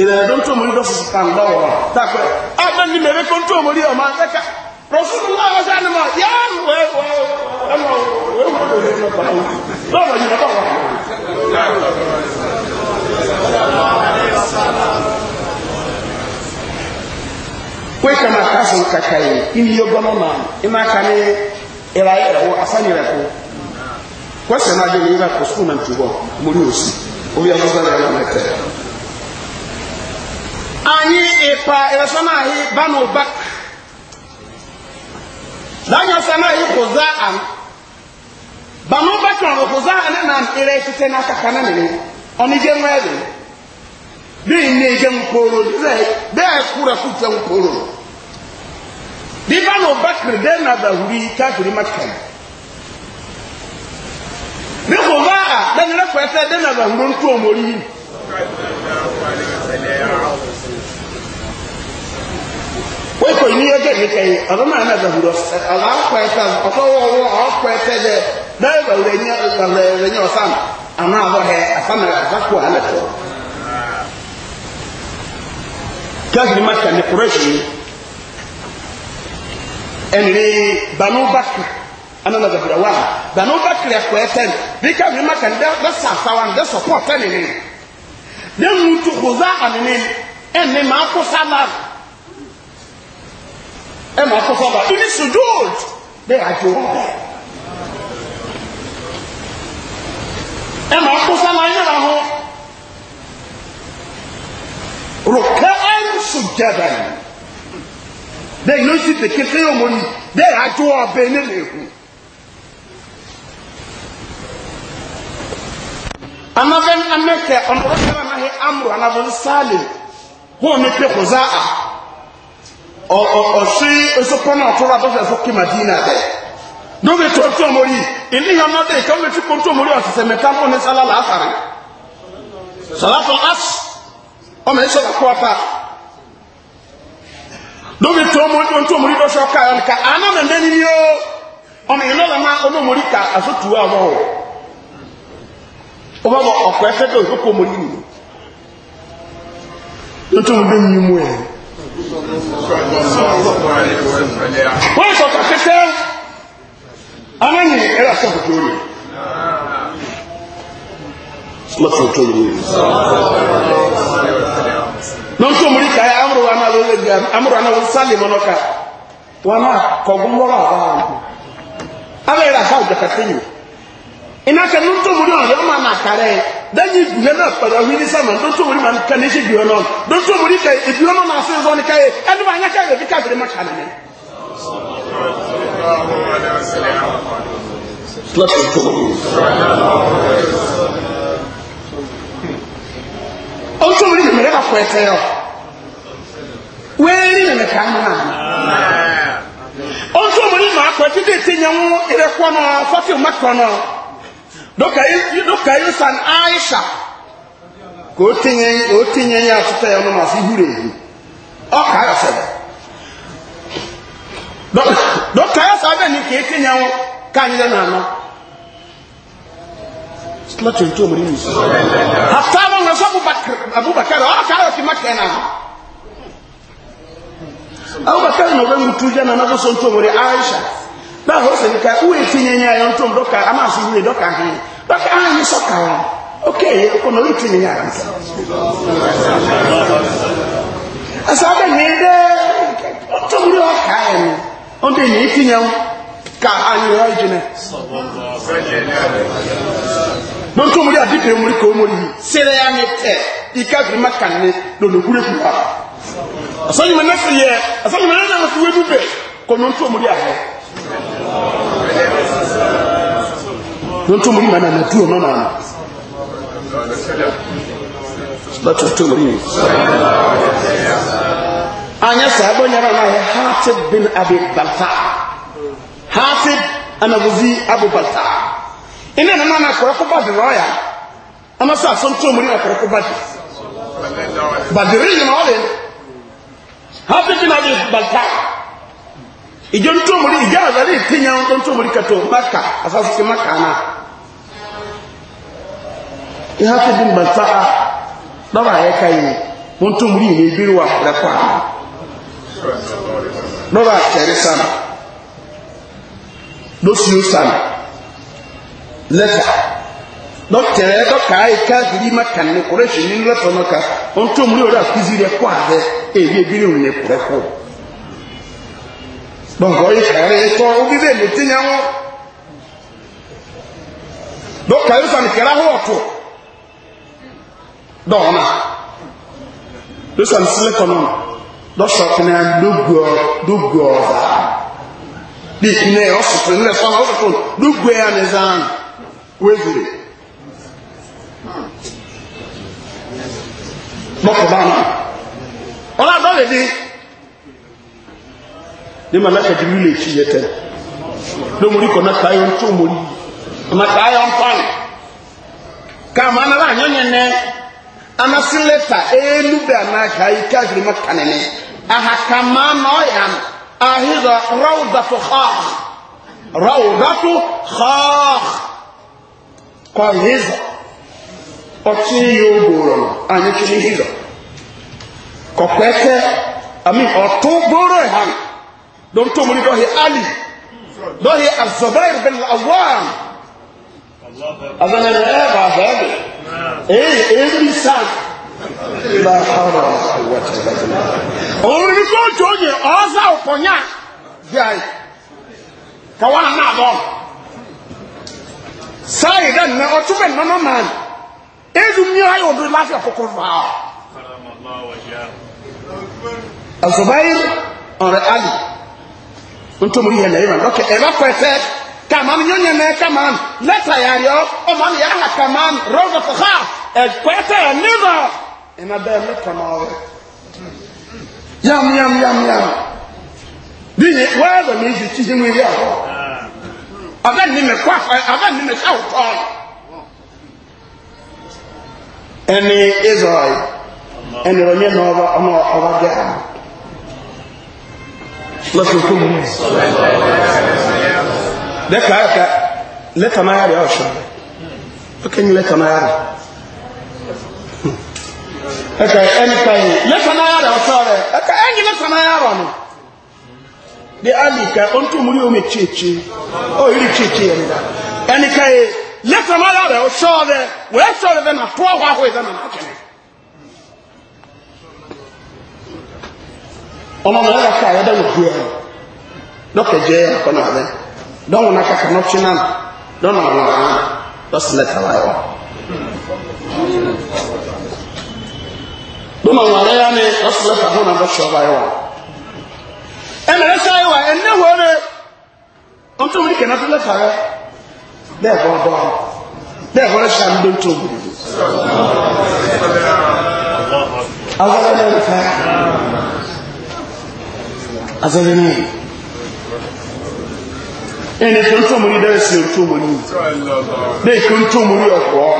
ìrẹ̀lẹ̀ tó ń tó mọ̀rí lọ́sùsù pàǹdà wọ̀ dàpẹ́ ọ̀bẹ ni mẹ̀rẹ̀ kó ń tó mọ̀rí ọ̀ma ẹ̀ka rọ̀sùn náà wọ́n sáré mọ̀ yá wẹ́ wẹ́ ẹ̀mọ̀ wẹ́ wọ́n lè ní ọ̀pá wọn lọ́wọ́ yìí lọ́wọ́ wọn. wọ́n kà máa kà fún kàkà yìí ìní yóò gbọ́mọ́ máa ẹ máa kà ní ìlà ẹ̀rọ asánì rẹ̀ kú kwẹ́sẹ̀ náà dé ní ìlà kò sùkúl náà tù bọ̀ mo ní òsì orí ọmọ sáré ọmọ mẹ́tẹ̀ẹ̀. anyị ịkpa ịrasanaghị banụba danyasanaghị kụza an banụba chọrọ kụza an na ire site n'aka na mere ọnije nwa eze bíi nneje nkporo bẹẹ kúrẹ dị nkporo bí kiri dẹ na bahuri káfiri makam bí kụza a dẹnyẹrẹ kwẹsẹ na bahuri ntụ omori. wekɔ yi ni yɛ gɛ nika yi ɔno maa na zahuro. ɔno akɔ ɛsɛ ɔtɔ wɔ wɔ ɔkɔ ɛsɛ dɛ bɛyɛ bawura nyɛ bawura yɛ nyɛ ɔsan ana ahɔ hɛ afama afako ana tɔ. gahiri maka ne kurɛsi ɛnri banu baka ana na zahuro wa banu baka yɛ kɔ ɛsɛ bi gahiri maka ne bɛ sa asawa ne bɛ sɔpɔ ɔtɛ ne ne ne mu tu kuza anene ɛnne maa ko sa ẹ máa kọ́ fọ́ba ibi sùdúùd bẹ́ẹ̀ àjò wọn. ẹ máa kó sáma ẹ yẹra hó rùkẹ́ ẹ̀rù sùjẹ́dà yìí bẹ́ẹ̀ ló sì tètè fẹ́ ọmọ yìí bẹ́ẹ̀ àjò ọbẹ̀ ní lèkùn. anafɛn anɛkɛ ɔnɔrɔ sɛbɛn nahe amuru anafɛn saali hɔn ne pe kɔzaa a ọ̀sí esopọ́nà ọ̀tọ́rọ̀ abọ́sẹ̀ ẹ̀fọ́ kí madina bẹ̀ lórí tó tó mọ́rí ilé yẹn ọmọdé ìkà wọ́n ti kó tó mọ́rí ọ̀sẹ̀sẹ̀ mẹ́ta fún ní sálá làásàrè sàlátọ̀ as ọmọ ẹ̀ṣọ́ kọ́ ọ̀tá lórí tó mọ́rí tó mọ́rí lọ́sọ̀ ká ẹ̀ ká àná mẹ́mẹ́ ni yó ọmọ ìlú ọ̀làmá olómọ́rí ká àsọ̀tù àwọ̀ ọ̀pọ̀ ẹ̀fẹ́ tó ìkókò mọ́rí nì wọ́n sọ kàkẹ́kẹ́ anáyìn ẹ̀rọ sọ́kòtò rẹ̀ mọ́sọ̀tò rẹ̀ nọ́nsọ́ mú ríkà yá amúrò wa náà lórí ẹgbẹ́ amúrò wa náà wọ́n sálẹ̀ mọ́nọ́ka wọn náà kọ̀ọ̀gùn mọ́rọ̀ àwọn àwọn ẹ̀rọ sọ́kòtò kàkẹ́yìn iná kẹ ló ń tó múlò ọ̀rẹ́ ọmọ àkàrà ẹ̀ lẹ́yìn ìgbìyàn náà pẹ̀lú ọ̀hún ní sẹ́mọ̀ ló ń tó kẹ ní ṣe ìgbìyàn náà ló ń kẹ ìgbìyàn náà máa sẹ́yìn sọ́ni káyé ẹni máa ń yákẹ́ rẹ̀ bí káàkiri má kà nìyẹn. ó ń bá fọ ẹsẹ̀ yọ wẹ́ẹ́rì nìyẹn kà ń nà ó ń tó múlò máa títí ti mú ìrẹ́kọ́ náà fọ́tí dókà ìrìsàn aisha kò ó tínye ya ọtụtụ ya ọnụ masị ihure ehu ọ ka ya sebe dókà ya sábẹ́ ni kì í tínye wọn ká anyị na anọ lọ́tọ̀ tó mọ̀ nínú sí hàtà wọn lọ sọ abubakar ọ ka ya ọtí maka na abubakar na ọgbẹ́ ntú ya na anọ sọ ntọ́ mọ̀ aisha báwo ó sì ní ká uwe tínye ya ọtọ́ m dókà a máa sọ ihure dókà ahịa bákan náà ní sọ́kà wọn ókè ọkọ̀ náà ìtì nìyà àkàtà asábẹ̀ ní dẹ́ ọtọ́múrí ọkà ẹ̀ ní ọdún ní ìtì yẹn ka àyẹ̀wò ìjìnà lọ́tọ́múrí àdìpẹ̀ múrí kò mórí yìí sẹ́rẹ̀ yà ní tẹ̀ ìkábìrì mákà ní lọ́lọ́gúrẹ́ kù pa asọ́yìnbẹ̀ náà fi yẹ asọ́yìnbẹ̀ náà fi wé dúpẹ̀ kò ní ọtọ́múrí àhẹ́ nonto muri mana na tuo nona na batu to muri anya sahabo nyara na hatib bin abi balta hatib anabuzi abu balta ina na mana ko ko badu roya ama sa so nto muri na ko ko badu badiri ni mawale hatib bin abi balta ijo nto muri ijaza ni tinya nto muri kato maka asafu maka na ihate bin masaa daba ayɛ ka yi wɔn to muri yɛ ebiri wa rɛ kɔ a daba akyɛre san losio san lɛta dɔkitɛrɛ dɔka ayi ka biri ma kan ne kɔrɔ esi ni lɛta ɔno ka wɔn to muri yɛ ɔda kuzi rɛ kɔ a bɛ ebi ebiri wɔ ne kɔrɛ kɔ dɔnkɔ yi kɛrɛ yi tɔ obi bɛ ne ti dɔɔna lɔsɔn sílẹ̀ kɔnɔ lɔsɔn fana dogoɔ dogoɔ bi ne ɔsopɔ ne fana ɔsopɔ dogoɛ ya ne zan wezire mɔkɔ bana ɔlɔ dɔ le di ne ma lɛ kadi wuli etsi yɛ tɛ lomori kɔ na kaa yɔ ntɔ mori na kaa yɔ ntɔ ni kaa ma na la nyɔnyɛ nɛ anasi leta elu bɛ anaka yi kajiri ma kanene ahakama n'ɔyan ahizɔ rawudatu xɔx rawudatu xɔx kɔhizɔ ɔtí yóò gbòòrò lọ anyi tí ni hizɔ kɔkɔɛtɛ ami ɔtó gbòòrò hàn dɔntó mu ni dɔhi ali dɔhi azɔbɛyiri bɛ lawaan azɔbɛyiri ɛɛ baa eri eh, eh, san la hawla wala quwwata illa billah òun ni kó jòyè ọ̀ọ́sà òpònyà yáì kàwọn àná àbọ̀ sáyé dẹ́ nà ọtún bẹ́ẹ̀ nọ́nọ́ náà edu mi ayé odò láfíà kókó fà á. azọbáyé ọ̀rẹ́ kaman nyonye ne kaman leta yario o man ya ha kaman roza faha e kwete niva ina be me kono yam yam yam yam dini wada mi ji ti himu ya ho aba ni me kwa aba ni me sa ho eni izoi eni ronye no oba omo oba ga Let's go dẹ́ka aka lẹ́tà náà yàrá ọ̀ṣọ́ rẹ̀ ọkẹ́ ní lẹ́tà náà yàrá ẹ̀ka ẹni káyé lẹ́tà náà yàrá ọ̀ṣọ́ rẹ̀ ẹ̀ka ẹni lẹ́tà náà yàrá ọ̀nà de ali on. ọ̀n tó múlí omi kyekye ọ̀ yìí kyekye yẹn dá ẹni káyé lẹ́tà náà yàrá ọ̀ṣọ́ rẹ̀ wẹ́ẹ́ sọ̀ rẹ̀ bẹ́ẹ̀ nà tó ọ̀họ́ ahọ́ ìdáná nà kyẹn ọmọ mọ̀ ọ́ yà ká yà dá wò hu ẹ̀ dọ́kẹ̀ jẹ́ akọ́nà rẹ̀ dɔnku na kaka na ɔtwi nam dɔnku na wɔn ano dɔsi na tala yɛ wɔ dɔnku na wɔn ano dɔsi na tala na dɔsi ɔba yɛ wɔ ɛna ɛsɛ ayɛ wɔ ɛnɛ wɔ ɛrɛ ɔntɔn mi kɛnɛ tala tala dɛ ɛbɔ dɔn dɛ ɛbɔ ɛhyɛ anu dɔn tó gbiri do azɔlɛ nɛ nfa azɔlɛ nɛ nfa. ẹni tó ń tó múrí dẹ́rẹ́ sí òtó múrí dé ìkó ń tó múrí ọ̀pọ̀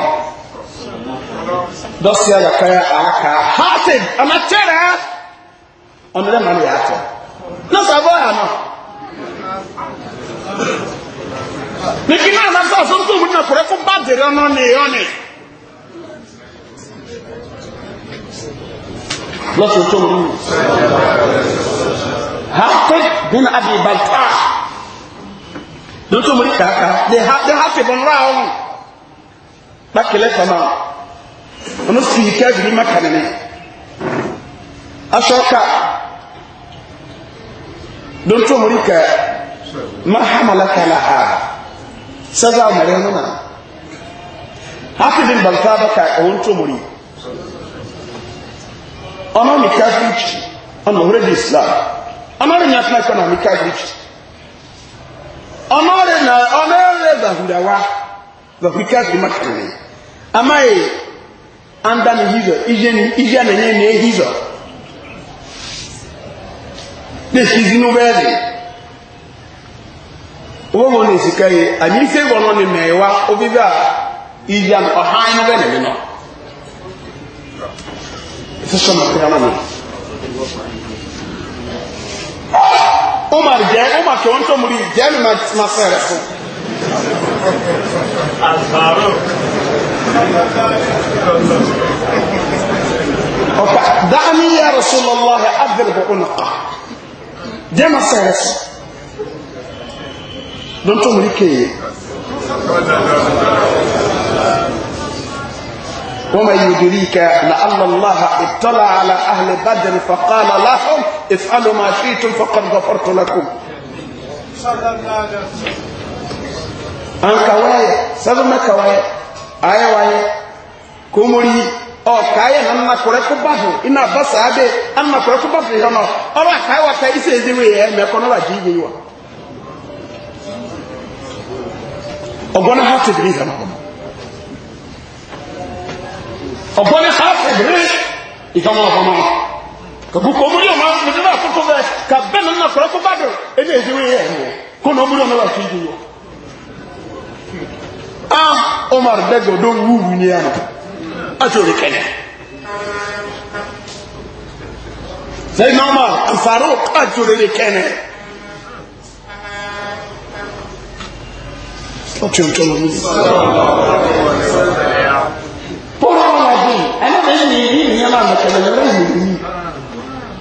dọ́sí àyàkáyà àáká hátìm àmàtẹ́rẹ́ ọ̀nà na no yàtọ̀ lọ́sà bọ́ yà náà nìkí náà lọ́sà tó ń for múrí náà kọ̀rẹ́ fún bàjẹ́rẹ́ ọ̀nà on it ni lọ́sà tó múrí hátìm bin abi baltaa lótó mo ní kàákà de ha de ha fi bọ̀ nra ọ̀hún bákẹ́lẹ́ fama ọ̀nà sì yìí kẹ́ẹ̀dù ní maka nìyẹn asọ́ka lótó mo ní kà má hamala kala ha sẹ́dá ọ̀mọ̀rẹ́ ọ̀nà nà hafi bí nbàlùfà bàkà ọ̀hún tó mo ní ọ̀nà mi káfíríkì ọ̀nà òwúrẹ́ di islam ọ̀nà mi nyà fún ẹ̀kọ́ nà mi káfíríkì ọmọọrẹ na ọmọọrẹ gbàhùdàwà lọkùkẹ́ àtìmọ́tìmọ́ amáyé andani hizọ iṣẹ́ nìyẹ ní ehizọ lẹ́sí ìzinú bẹ́ẹ̀lì owó wọn ní ìsìnká yìí àmì ìṣe wọn ní mẹ́wàá obìbá ìyá ọ̀há inú bẹ́ẹ̀ nìyẹn náà ìfẹ́sọ̀nà pé a máa umar jẹ umar kí wọn tó múri jẹ mi ma fẹ rẹ fún. ọ̀pá dáhàmì yà rasulillah abiribu unaqa jẹ ma fẹ rẹ fún. don tó múri kéye. وما يدريك لعل الله اطلع على أهل بدر فقال لهم افعلوا ما شئتم فقد غفرت لكم أنك وايا سلمك وايا آية وايا كمري أو كايا أنا كوريكو بافو إن بس أبي أنا كوريكو بافو هنا أنا كايا وكايا إسيزي ويا ميكونا واجيبي يوا أبونا هاتي بريد أنا ọ̀gbọ́n ní hafi bẹ̀rẹ̀ ìkàwọn ọ̀fọ̀mọ́ kàbùkù ọmọdé ọmọ nínú àkókò bẹ kàbẹ́ nínú àkọ́rọ́ kó bá dùn ẹni èdè wíyẹ ẹ̀mọ́ kó ní ọmọdé ọmọ láti ìdí yọ. a omar dẹgọ dó wúwú ní ẹnu àti orí kẹlẹ. sẹ́yìn náà omar faruk àti orí kẹlẹ. ọ̀tún tó lọ níbi poro ya bi ɛna bɛ yi yi ni yɛn ma mɛ kɛlɛ yɛrɛ yi yi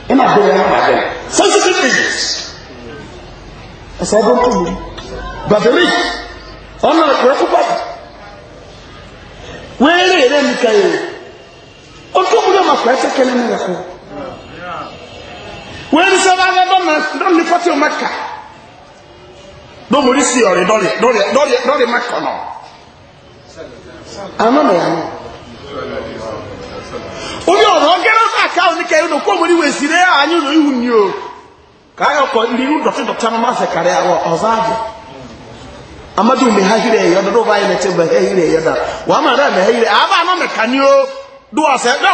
ɛna bɛ yɛn ma bɛ sensitive things ɛsɛ ɛbɛ nkɔ mu babeli ɔna ɛkura kupa wɛrɛ yɛrɛ mi ka yi o tó kúlẹ̀ ma fẹ́ sɛ mi yɛ kɔ wɛrɛ sɛ bá yɛ dɔn o ma ka dɔn si ɔri dɔri dɔri dɔri ma kɔnɔ anamɛ anamɛ. onye ọ̀rọ̀ gẹ́rẹ́ ọ̀sán àkáwọn ní kẹrin òkú òmìnirí wẹ̀ sí rẹ̀ àányí ọ̀nà ihu ni o káyọ̀ kọ amadu mi ha hiri ẹ̀yọ́ dọ́dọ́ báyìí nà ẹ̀tẹ́ bẹ̀ ha hiri ẹ̀yọ́ dà wà á máa dá mẹ̀ ha hiri àbá àná mẹ̀ka ni o dọ́ọ̀sẹ̀ bẹ́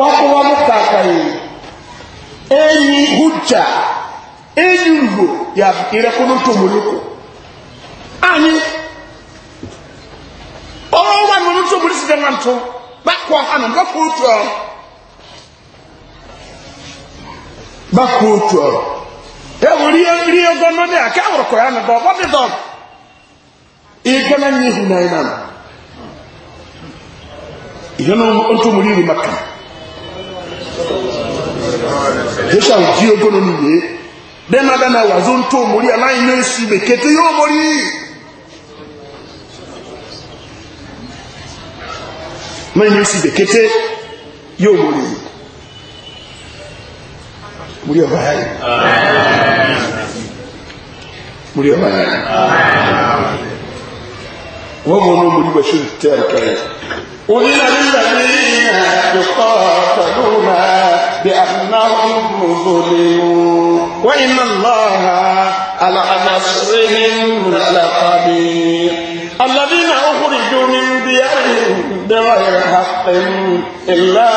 wakuba mukakaye enyi hujja enyungo yabukira kuno tomuluko anyi owa muluto mulisida nanto bakwa hano bakuto bakuto ewuriyo uriyo gono ne akawro ko yana do bobi do igana nyihu na na ihe na onto muliri maka. jésù àwọn jí ogónú nìyé dẹ́nà dáná wà zó ń tó mórí aláìní ní oṣù bèkété yóò mórí mẹ́rin ní oṣù bèkété yóò mórí mórí ọba yáyì mórí ọba yáyì wọ́n mọ̀ ní omi ní bẹ̀ṣẹ̀ tẹ́ àkàrẹ̀ òní làlẹ́ ìlàlẹ́ يقاتلون بأنهم ظلموا وإن الله على نصرهم لقدير الذين أخرجوا من ديارهم بغير حق إلا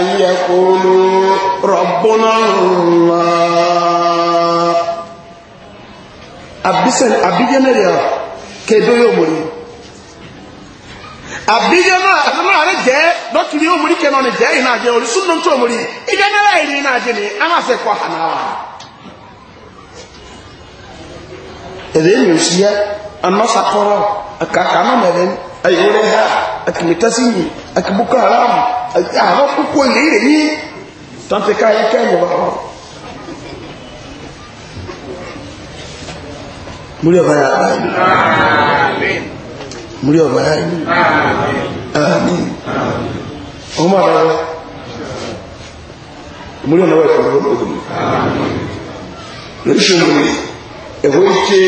أن يقولوا ربنا الله أبسن أبيجنا يا كيدو يومني abijan náà asọ́nà rẹ̀ jẹ́ omori ke náà ni je ina àjẹ́ ori súnmọ́ tó omori ìjẹ́ na láì rí iná àjẹ́ ni a máa fẹ́ kọ́ wa. èdè yìí ò sí yẹ anọ́sà kama àkàkà náà mẹ́rin ha akìmìtásí yìí akìbùkọ́ haram àwọn kókó múrí ọ̀gbà ẹni àmì ọmọ àbáwọ́ múrí ọ̀nà wẹ̀ fún ọgbọ̀n ọgbọ̀n lóṣù múrí ẹ̀họ́ ike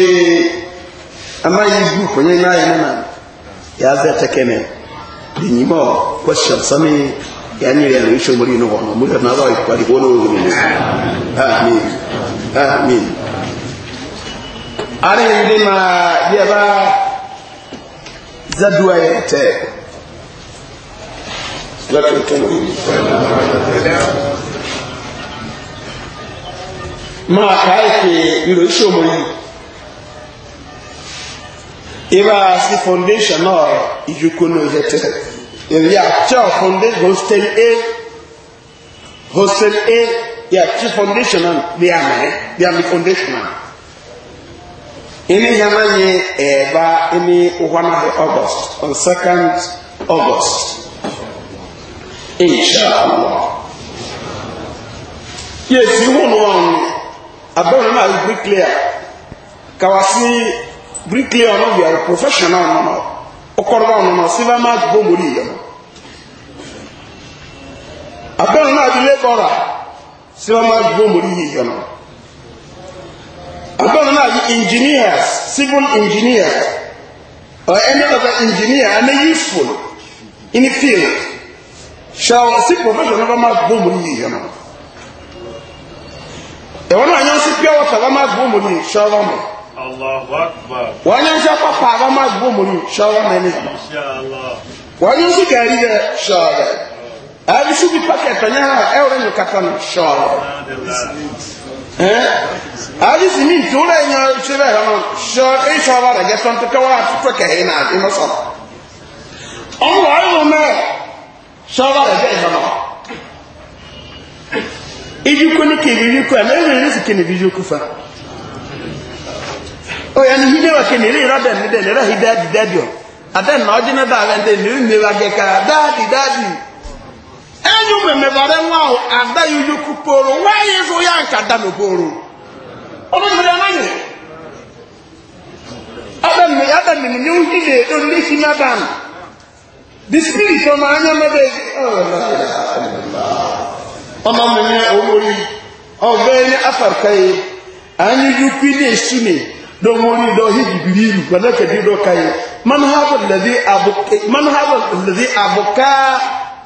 amáyé ibú kònyé náà yẹn náà yà á fẹ́ tẹ́kẹ́ mẹ́ lẹ́yìn mọ́ kwẹ́sàn sami yà á ní ìrìn lóṣù múrí inú wọn múrí ọ̀nà wẹ̀ pàdé wọn ó wọlé àmì àmì. Ari ndị ma zadua yɛ tɛ maa kaa eke iro isomori eba si foundation naa ijukono yɛ tɛ yɛ akyɛw foundation hostel a hostel a yɛ akyɛ foundation na bi amɛ bi amɛ foundation na. Ini nyama nye eba eh, ini wana he August on second August. Inshallah. Yes, you won't want abẹ́rẹ́ náà bricklayer kàwáṣí bricklayer ọ̀nà bíi professional ọ̀nà ọkọ̀rọ̀bá ọ̀nà silver mark bomori yẹn. abẹ́rẹ́ náà di labourer silver mark bomori yẹn agbọ́n náà yí engineers civil engineers or any other engineer and they useful in the field ṣàwọn sí profession náà máa gbó mú yìí yẹn náà ẹ̀wọ́n náà yẹn sí pure water wọ́n máa gbó mú yìí ṣọ́wọ́ mọ́ wọ́n yẹn sí pápá wọ́n máa gbó mú yìí ṣọ́wọ́ mọ́ ẹni wọ́n yẹn sí gàrí rẹ̀ ṣọ́ọ̀rẹ̀ ẹ̀rí sí bí pákẹ́tì ọ̀nyẹ́rà ẹ̀rọ ẹ̀yìn kàtà náà ṣọ́ọ̀rẹ̀. ali si mi enyo sebe hɔ sɔ esɔ wa la gɛsɔ ntɛtɛ wa na wa wo ko ke ko si ke ju fa o ya ni wa ke ra ra o a na n enyu mmemebare nwa ahụ ada ya uju wee nwa ya ịzụ ya nka danoboro ọmụdụbere anaghị adammini ni na-edo ndị si madan the spirit anya mebe ọma mmemme omori ọbẹ ni afarkaye anyị yukwi na-esu ne don wani don hiji biriru ba na ha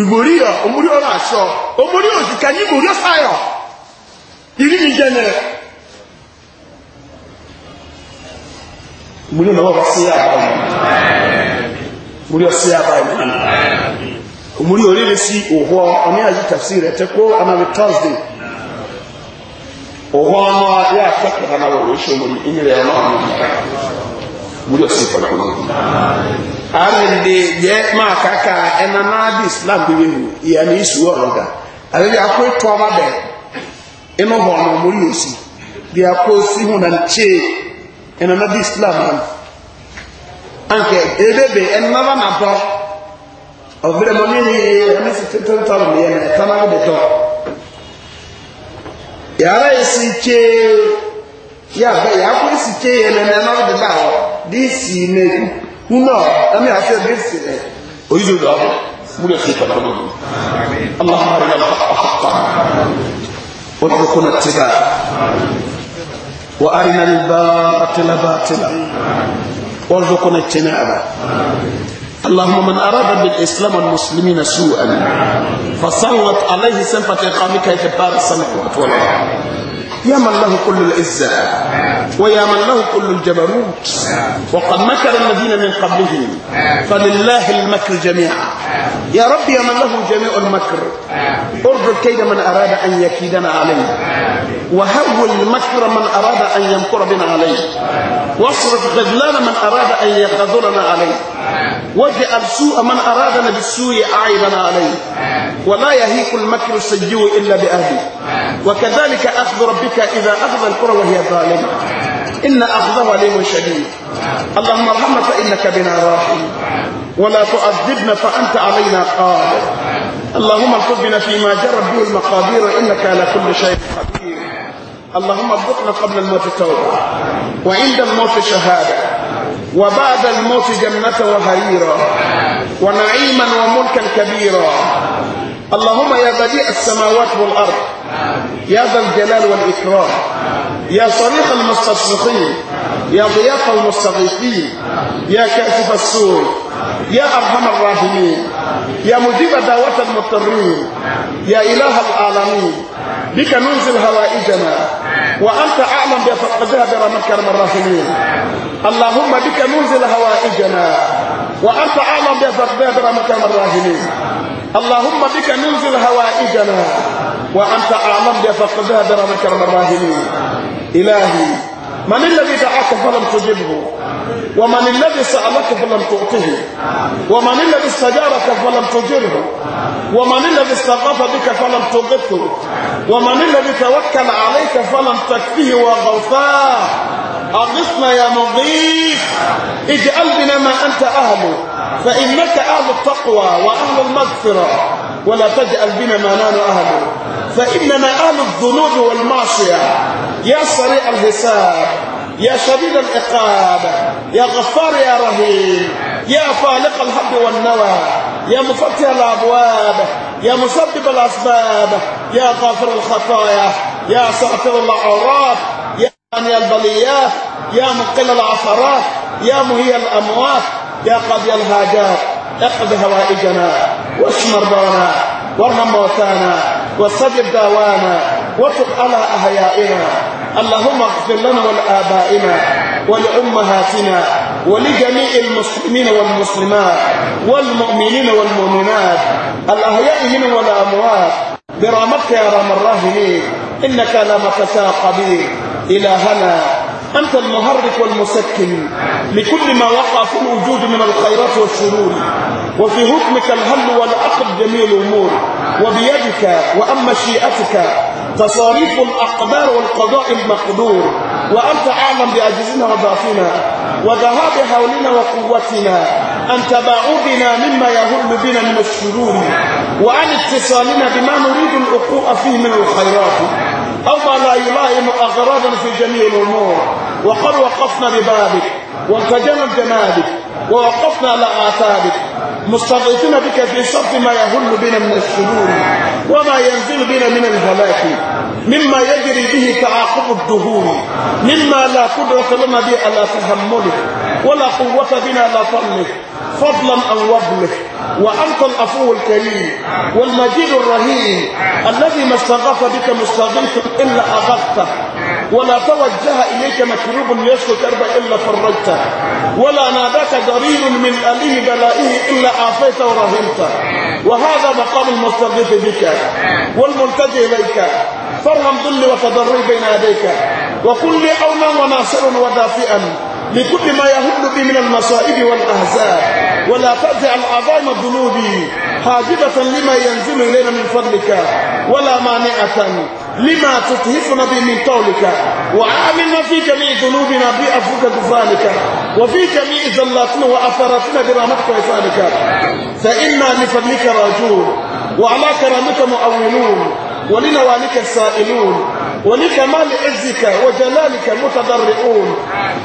ìgbòríyọ omúrí ọrụ àṣọ omúrí òsìkà ní ìgbòrí ọ̀sáyọ̀ ìrí mi jẹ́ nẹ̀ múrí ọ̀nà sí àbáyé múrí ọ̀sí àbáyé náà omúrí orílẹ̀ sí òhó ọmọ àyí tàfsí rẹ̀ tẹ́ kó anáwó thursday òhó ọmọ yà arende yɛ maa kaka ɛna nadi islam bi wenu yanni isu ɔrɔ ale de akɔ etu ɔba bɛ ɛna hɔ na ɔmo osi de akɔ na nkye ɛna islam anke ebebe ɛna naba na dɔ ɔbɛrɛ mo ne ɛna si tete na ɛta na ɔde esi kye yàrá yàrá esi kye yɛ na ɛna ɔde hɔ nínú ẹ̀mí àti ẹ̀mí sí ẹ̀ oríṣi ìlú àbọ̀ múlẹ̀ sí ìpàdé ọmọdé aláhùn àríyá àpapà ọdúnkún àtìgà wà àríyá ní bá àtìlá bá àtìlá وارزقنا اجتنابه اللهم من أراد بالإسلام والمسلمين سوءا فسلط عليه سنفة إقامك في الدار السنة والأرض يا من له كل العزة ويا من له كل الجبروت وقد مكر الذين من قبلهم فلله المكر جميعا يا رب يا من له جميع المكر ارجو كيد من أراد أن يكيدنا عليه وهول مكر من أراد أن يمكر بنا عليه واصرف خذلان من أراد أن يخذلنا عليه واجعل سوء من أرادنا بالسوء عيبنا عليه ولا يهيك المكر السجوء إلا بأهله وكذلك أخذ ربك إذا أخذ القرى وهي ظالمة إن أخذه عليم شديد اللهم ارحمنا فإنك بنا راحم ولا تؤذبنا فأنت علينا قادر اللهم اكتب بنا فيما جرت به المقادير إنك على كل شيء قدير اللهم ارزقنا قبل الموت توبة وعند الموت شهادة وبعد الموت جنة وهريرا ونعيما وملكا كبيرا اللهم يا بديع السماوات والأرض يا ذا الجلال والإكرام يا صريخ المستصرخين يا ضياف المستغيثين يا كاشف السوء يا أرحم الراحمين يا مجيب دعوة المضطرين يا إله العالمين بك ننزل هوائجنا وأنت أعلم بأفقدها برمك الراحمين اللهم بك ننزل هوائجنا وأنت أعلم بأفقدها برمك الراحمين اللهم بك ننزل هوائجنا وأنت أعلم بأفقدها برمك الراحمين إلهي من الذي دعاك فلم تجبه ومن الذي سألك فلم تعطه ومن الذي استجارك فلم تجره ومن الذي استغاث بك فلم تغطه ومن الذي توكل عليك فلم تكفه وغوثاه أغثنا يا مضيف اجعل بنا ما أنت أهل فإنك أهل التقوى وأهل المغفرة ولا تجعل بنا ما نحن أهل فإننا أهل الذنوب والمعصية يا سريع الحساب يا شديد العقاب يا غفار يا رحيم يا فالق الحب والنوى يا مفتح الأبواب يا مسبب الأسباب يا غافر الخطايا يا ساتر العورات يا ثاني البليات يا مقل العثرات يا مهي الأموات يا قاضي الهاجات اقض هوائجنا واشف مرضانا وارحم موتانا واستجب داوانا واتق على أحيائنا اللهم اغفر لنا ولآبائنا ولأمهاتنا ولجميع المسلمين والمسلمات والمؤمنين والمؤمنات الأحياء منهم والأموات برحمتك يا رحم الراحمين إنك لا متساء قدير إلهنا أنت المهرك والمسكن لكل ما وقع في الوجود من الخيرات والشرور وفي حكمك الهل والعقد جميع الأمور وبيدك وأما شيئتك تصاريف الأقدار والقضاء المقدور وأنت أعلم بأجزنا وضعفنا وذهاب حولنا وقوتنا أن تباعدنا مما يهل بنا من الشرور وعن اتصالنا بما نريد الوقوع فيه من الخيرات أو ما لا يلائم أغراضا في جميع الأمور وقد وقفنا ببابك وانتجنا بجمالك ووقفنا على آثارك مستغيثين بك في صف ما يهل بنا من الشرور وما ينزل بنا من الهلاك مما يجري به تعاقب الدهور مما لا قدرة لنا به على تحمله ولا قوة بنا على طلق فضلا عن وضله وأنت الأفو الكريم والمجيد الرهيم الذي ما استغف بك مستغيث إلا أغفته ولا توجه إليك مكروب ليسكت كربا إلا فرجته ولا ناداك قريب من أليه بلائه إلا عافيته ورهنته وهذا مقام المستغيث بك والملتجئ إليك فارهم ظل وتضري بين يديك وكل لي أونا وناصر ودافئا بكل ما يهد بي من المصائب والأهزاب ولا تزع العظام ذنوبي حاجبة لما ينزل إلينا من فضلك ولا مانعة لما تطهفنا به من طولك وعاملنا في جميع ذنوبنا بأفوك كفانك وفي جميع ذلاتنا وأثراتنا برامتك وإفالك فإنا لفضلك راجون وعلى كرامك مؤولون ولنوالك السائلون ولكمال عزك وجلالك متضرعون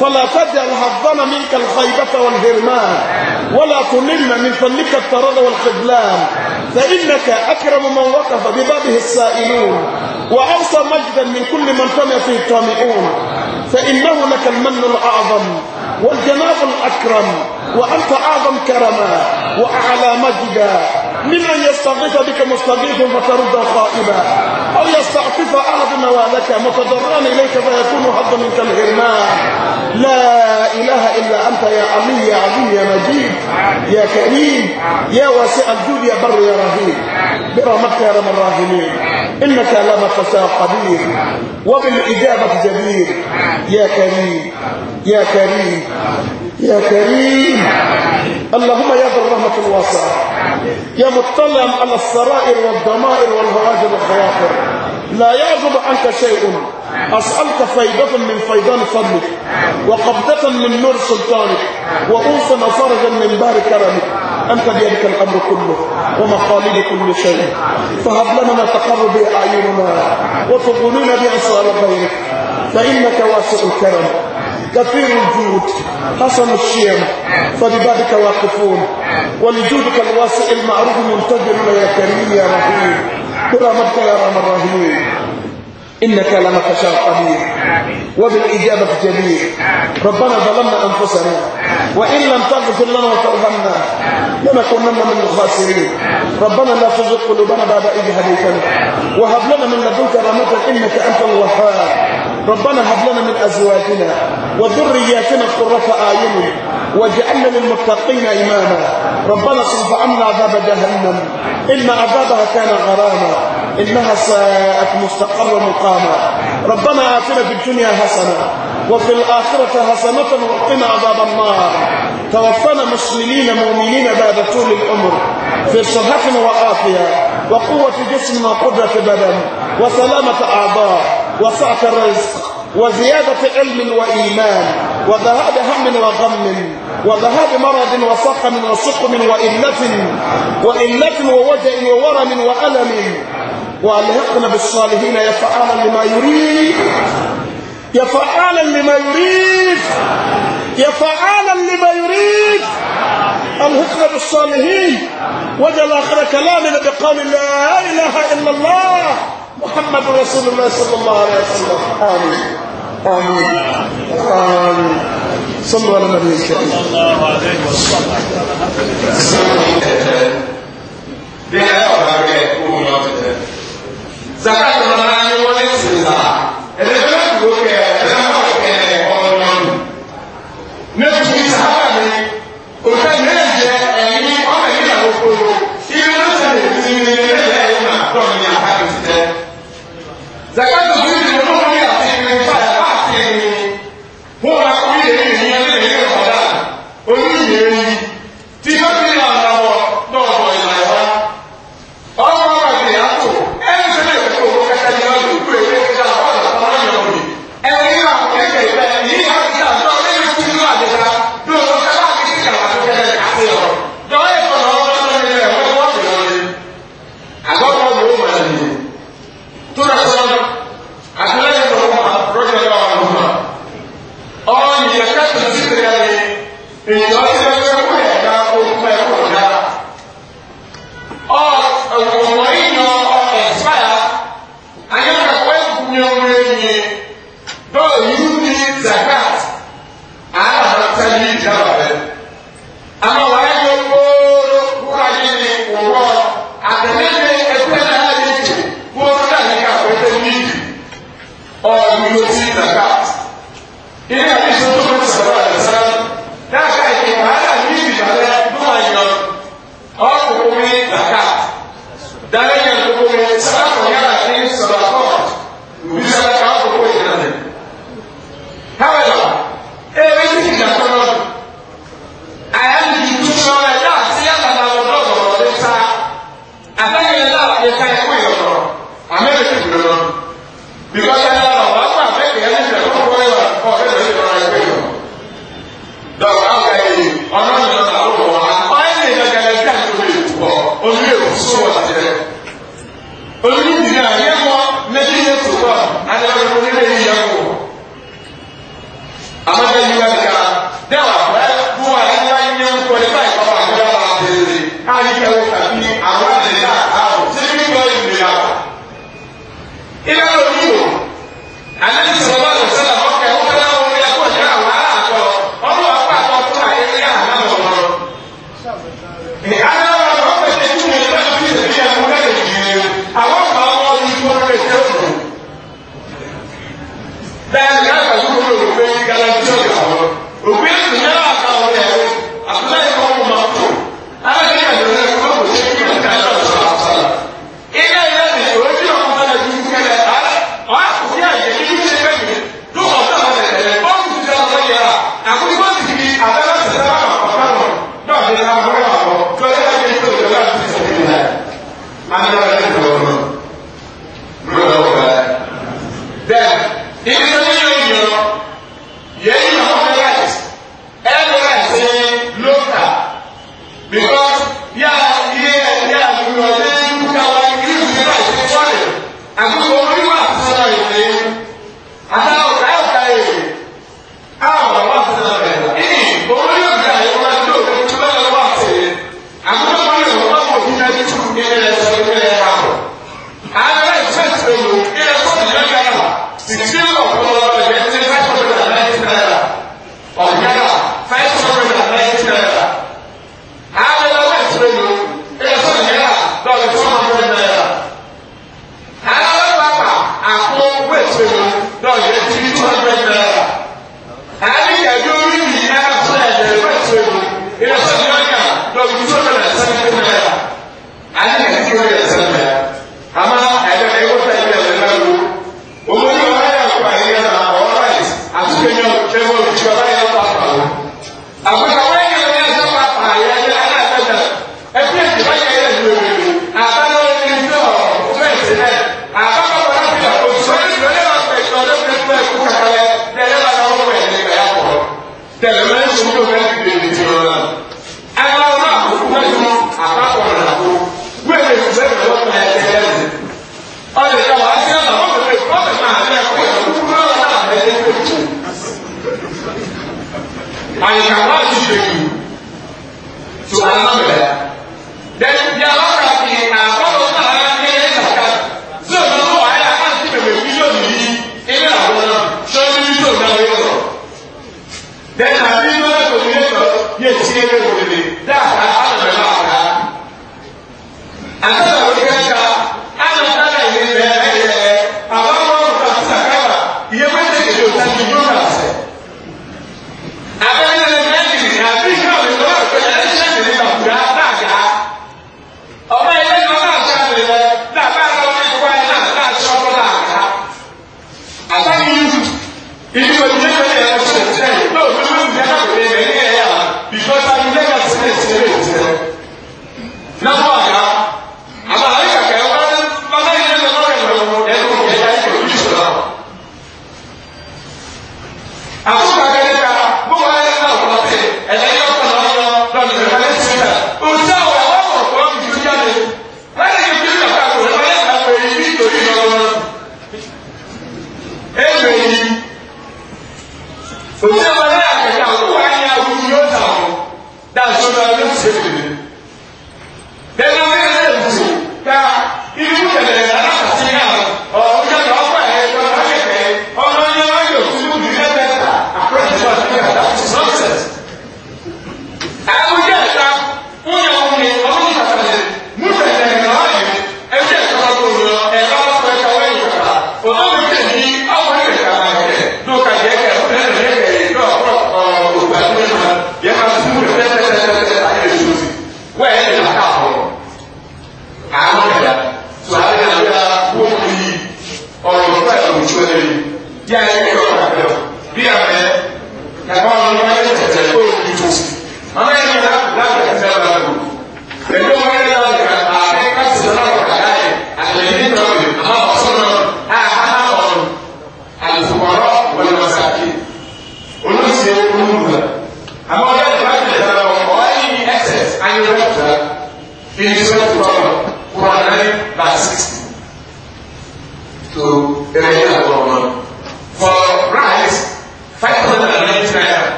فلا تجعل حظنا منك الخيبة والهرمان ولا تملنا من فنك الطرد والخذلان فإنك أكرم من وقف ببابه السائلون وأوصى مجدا من كل من فنى فيه الطامعون فإنه لك المن الأعظم والجناب الأكرم وأنت أعظم كرما وأعلى مجدا ممن يستغيث بك مستغيث فترد قائما أو يستعطف أعظم ولك متضران إليك فيكون حظا منك الهرمان لا إله إلا أنت يا علي يا عظيم يا مجيد يا كريم يا واسع الجود يا بر يا رهيب برحمتك يا رب الراحمين إنك لما فساء قدير وبالإجابة جدير يا كريم يا كريم يا كريم اللهم يا ذا الرحمة الواسعة يا مطلع على السرائر والضمائر والهواجر والخواطر لا يعجب عنك شيء أسألك فيضة من فيضان فضلك وقبضة من نور سلطانك وأنصا فرجا من بار كرمك أنت بيدك الأمر كله ومخالد كل شيء فهب لنا ما تقر به أعيننا وتغنينا بأسؤال غيرك فإنك واسع الكرم كثير الجود حسن الشيم فببابك واقفون ولجودك الواسع المعروف منتظر يا كريم يا رحيم برحمتك يا رحم الرحيم إنك لما تشاء قدير وبالإجابة جدير ربنا ظلمنا أنفسنا وإن لم تغفر لنا وترضنا لنكونن من الخاسرين ربنا لا تزغ قلوبنا بعد إذ هديتنا وهب لنا من لدنك رحمة إنك أنت الوهاب ربنا هب لنا من أزواجنا وذرياتنا قرة أعين واجعلنا للمتقين إماما ربنا صرف عنا عذاب جهنم إن عذابها كان غراما إنها ساءت مستقر مقاما ربنا آتنا في الدنيا حسنة وفي الآخرة حسنة وقنا عذاب النار توفنا مسلمين مؤمنين بعد طول العمر في صحة وعافية وقوة جسم وقدرة بدن وسلامة أعضاء وسعة الرزق وزيادة علم وإيمان وذهاب هم وغم وذهاب مرض وصحم وسقم وإلة وإلة ووجع وورم وألم وألهقنا بالصالحين يا فعالا لما يريد يا فعالا لما يريد يا فعالا لما يريد ألهقنا بالصالحين وجل آخر كلامنا بقول لا إله إلا الله محمد رسول الله صلى الله عليه وسلم آمين آمين آمين صلوا على النبي الكريم صلى الله عليه وسلم بها يا أبا زكاة المرأة وليس بها জাকাত Roma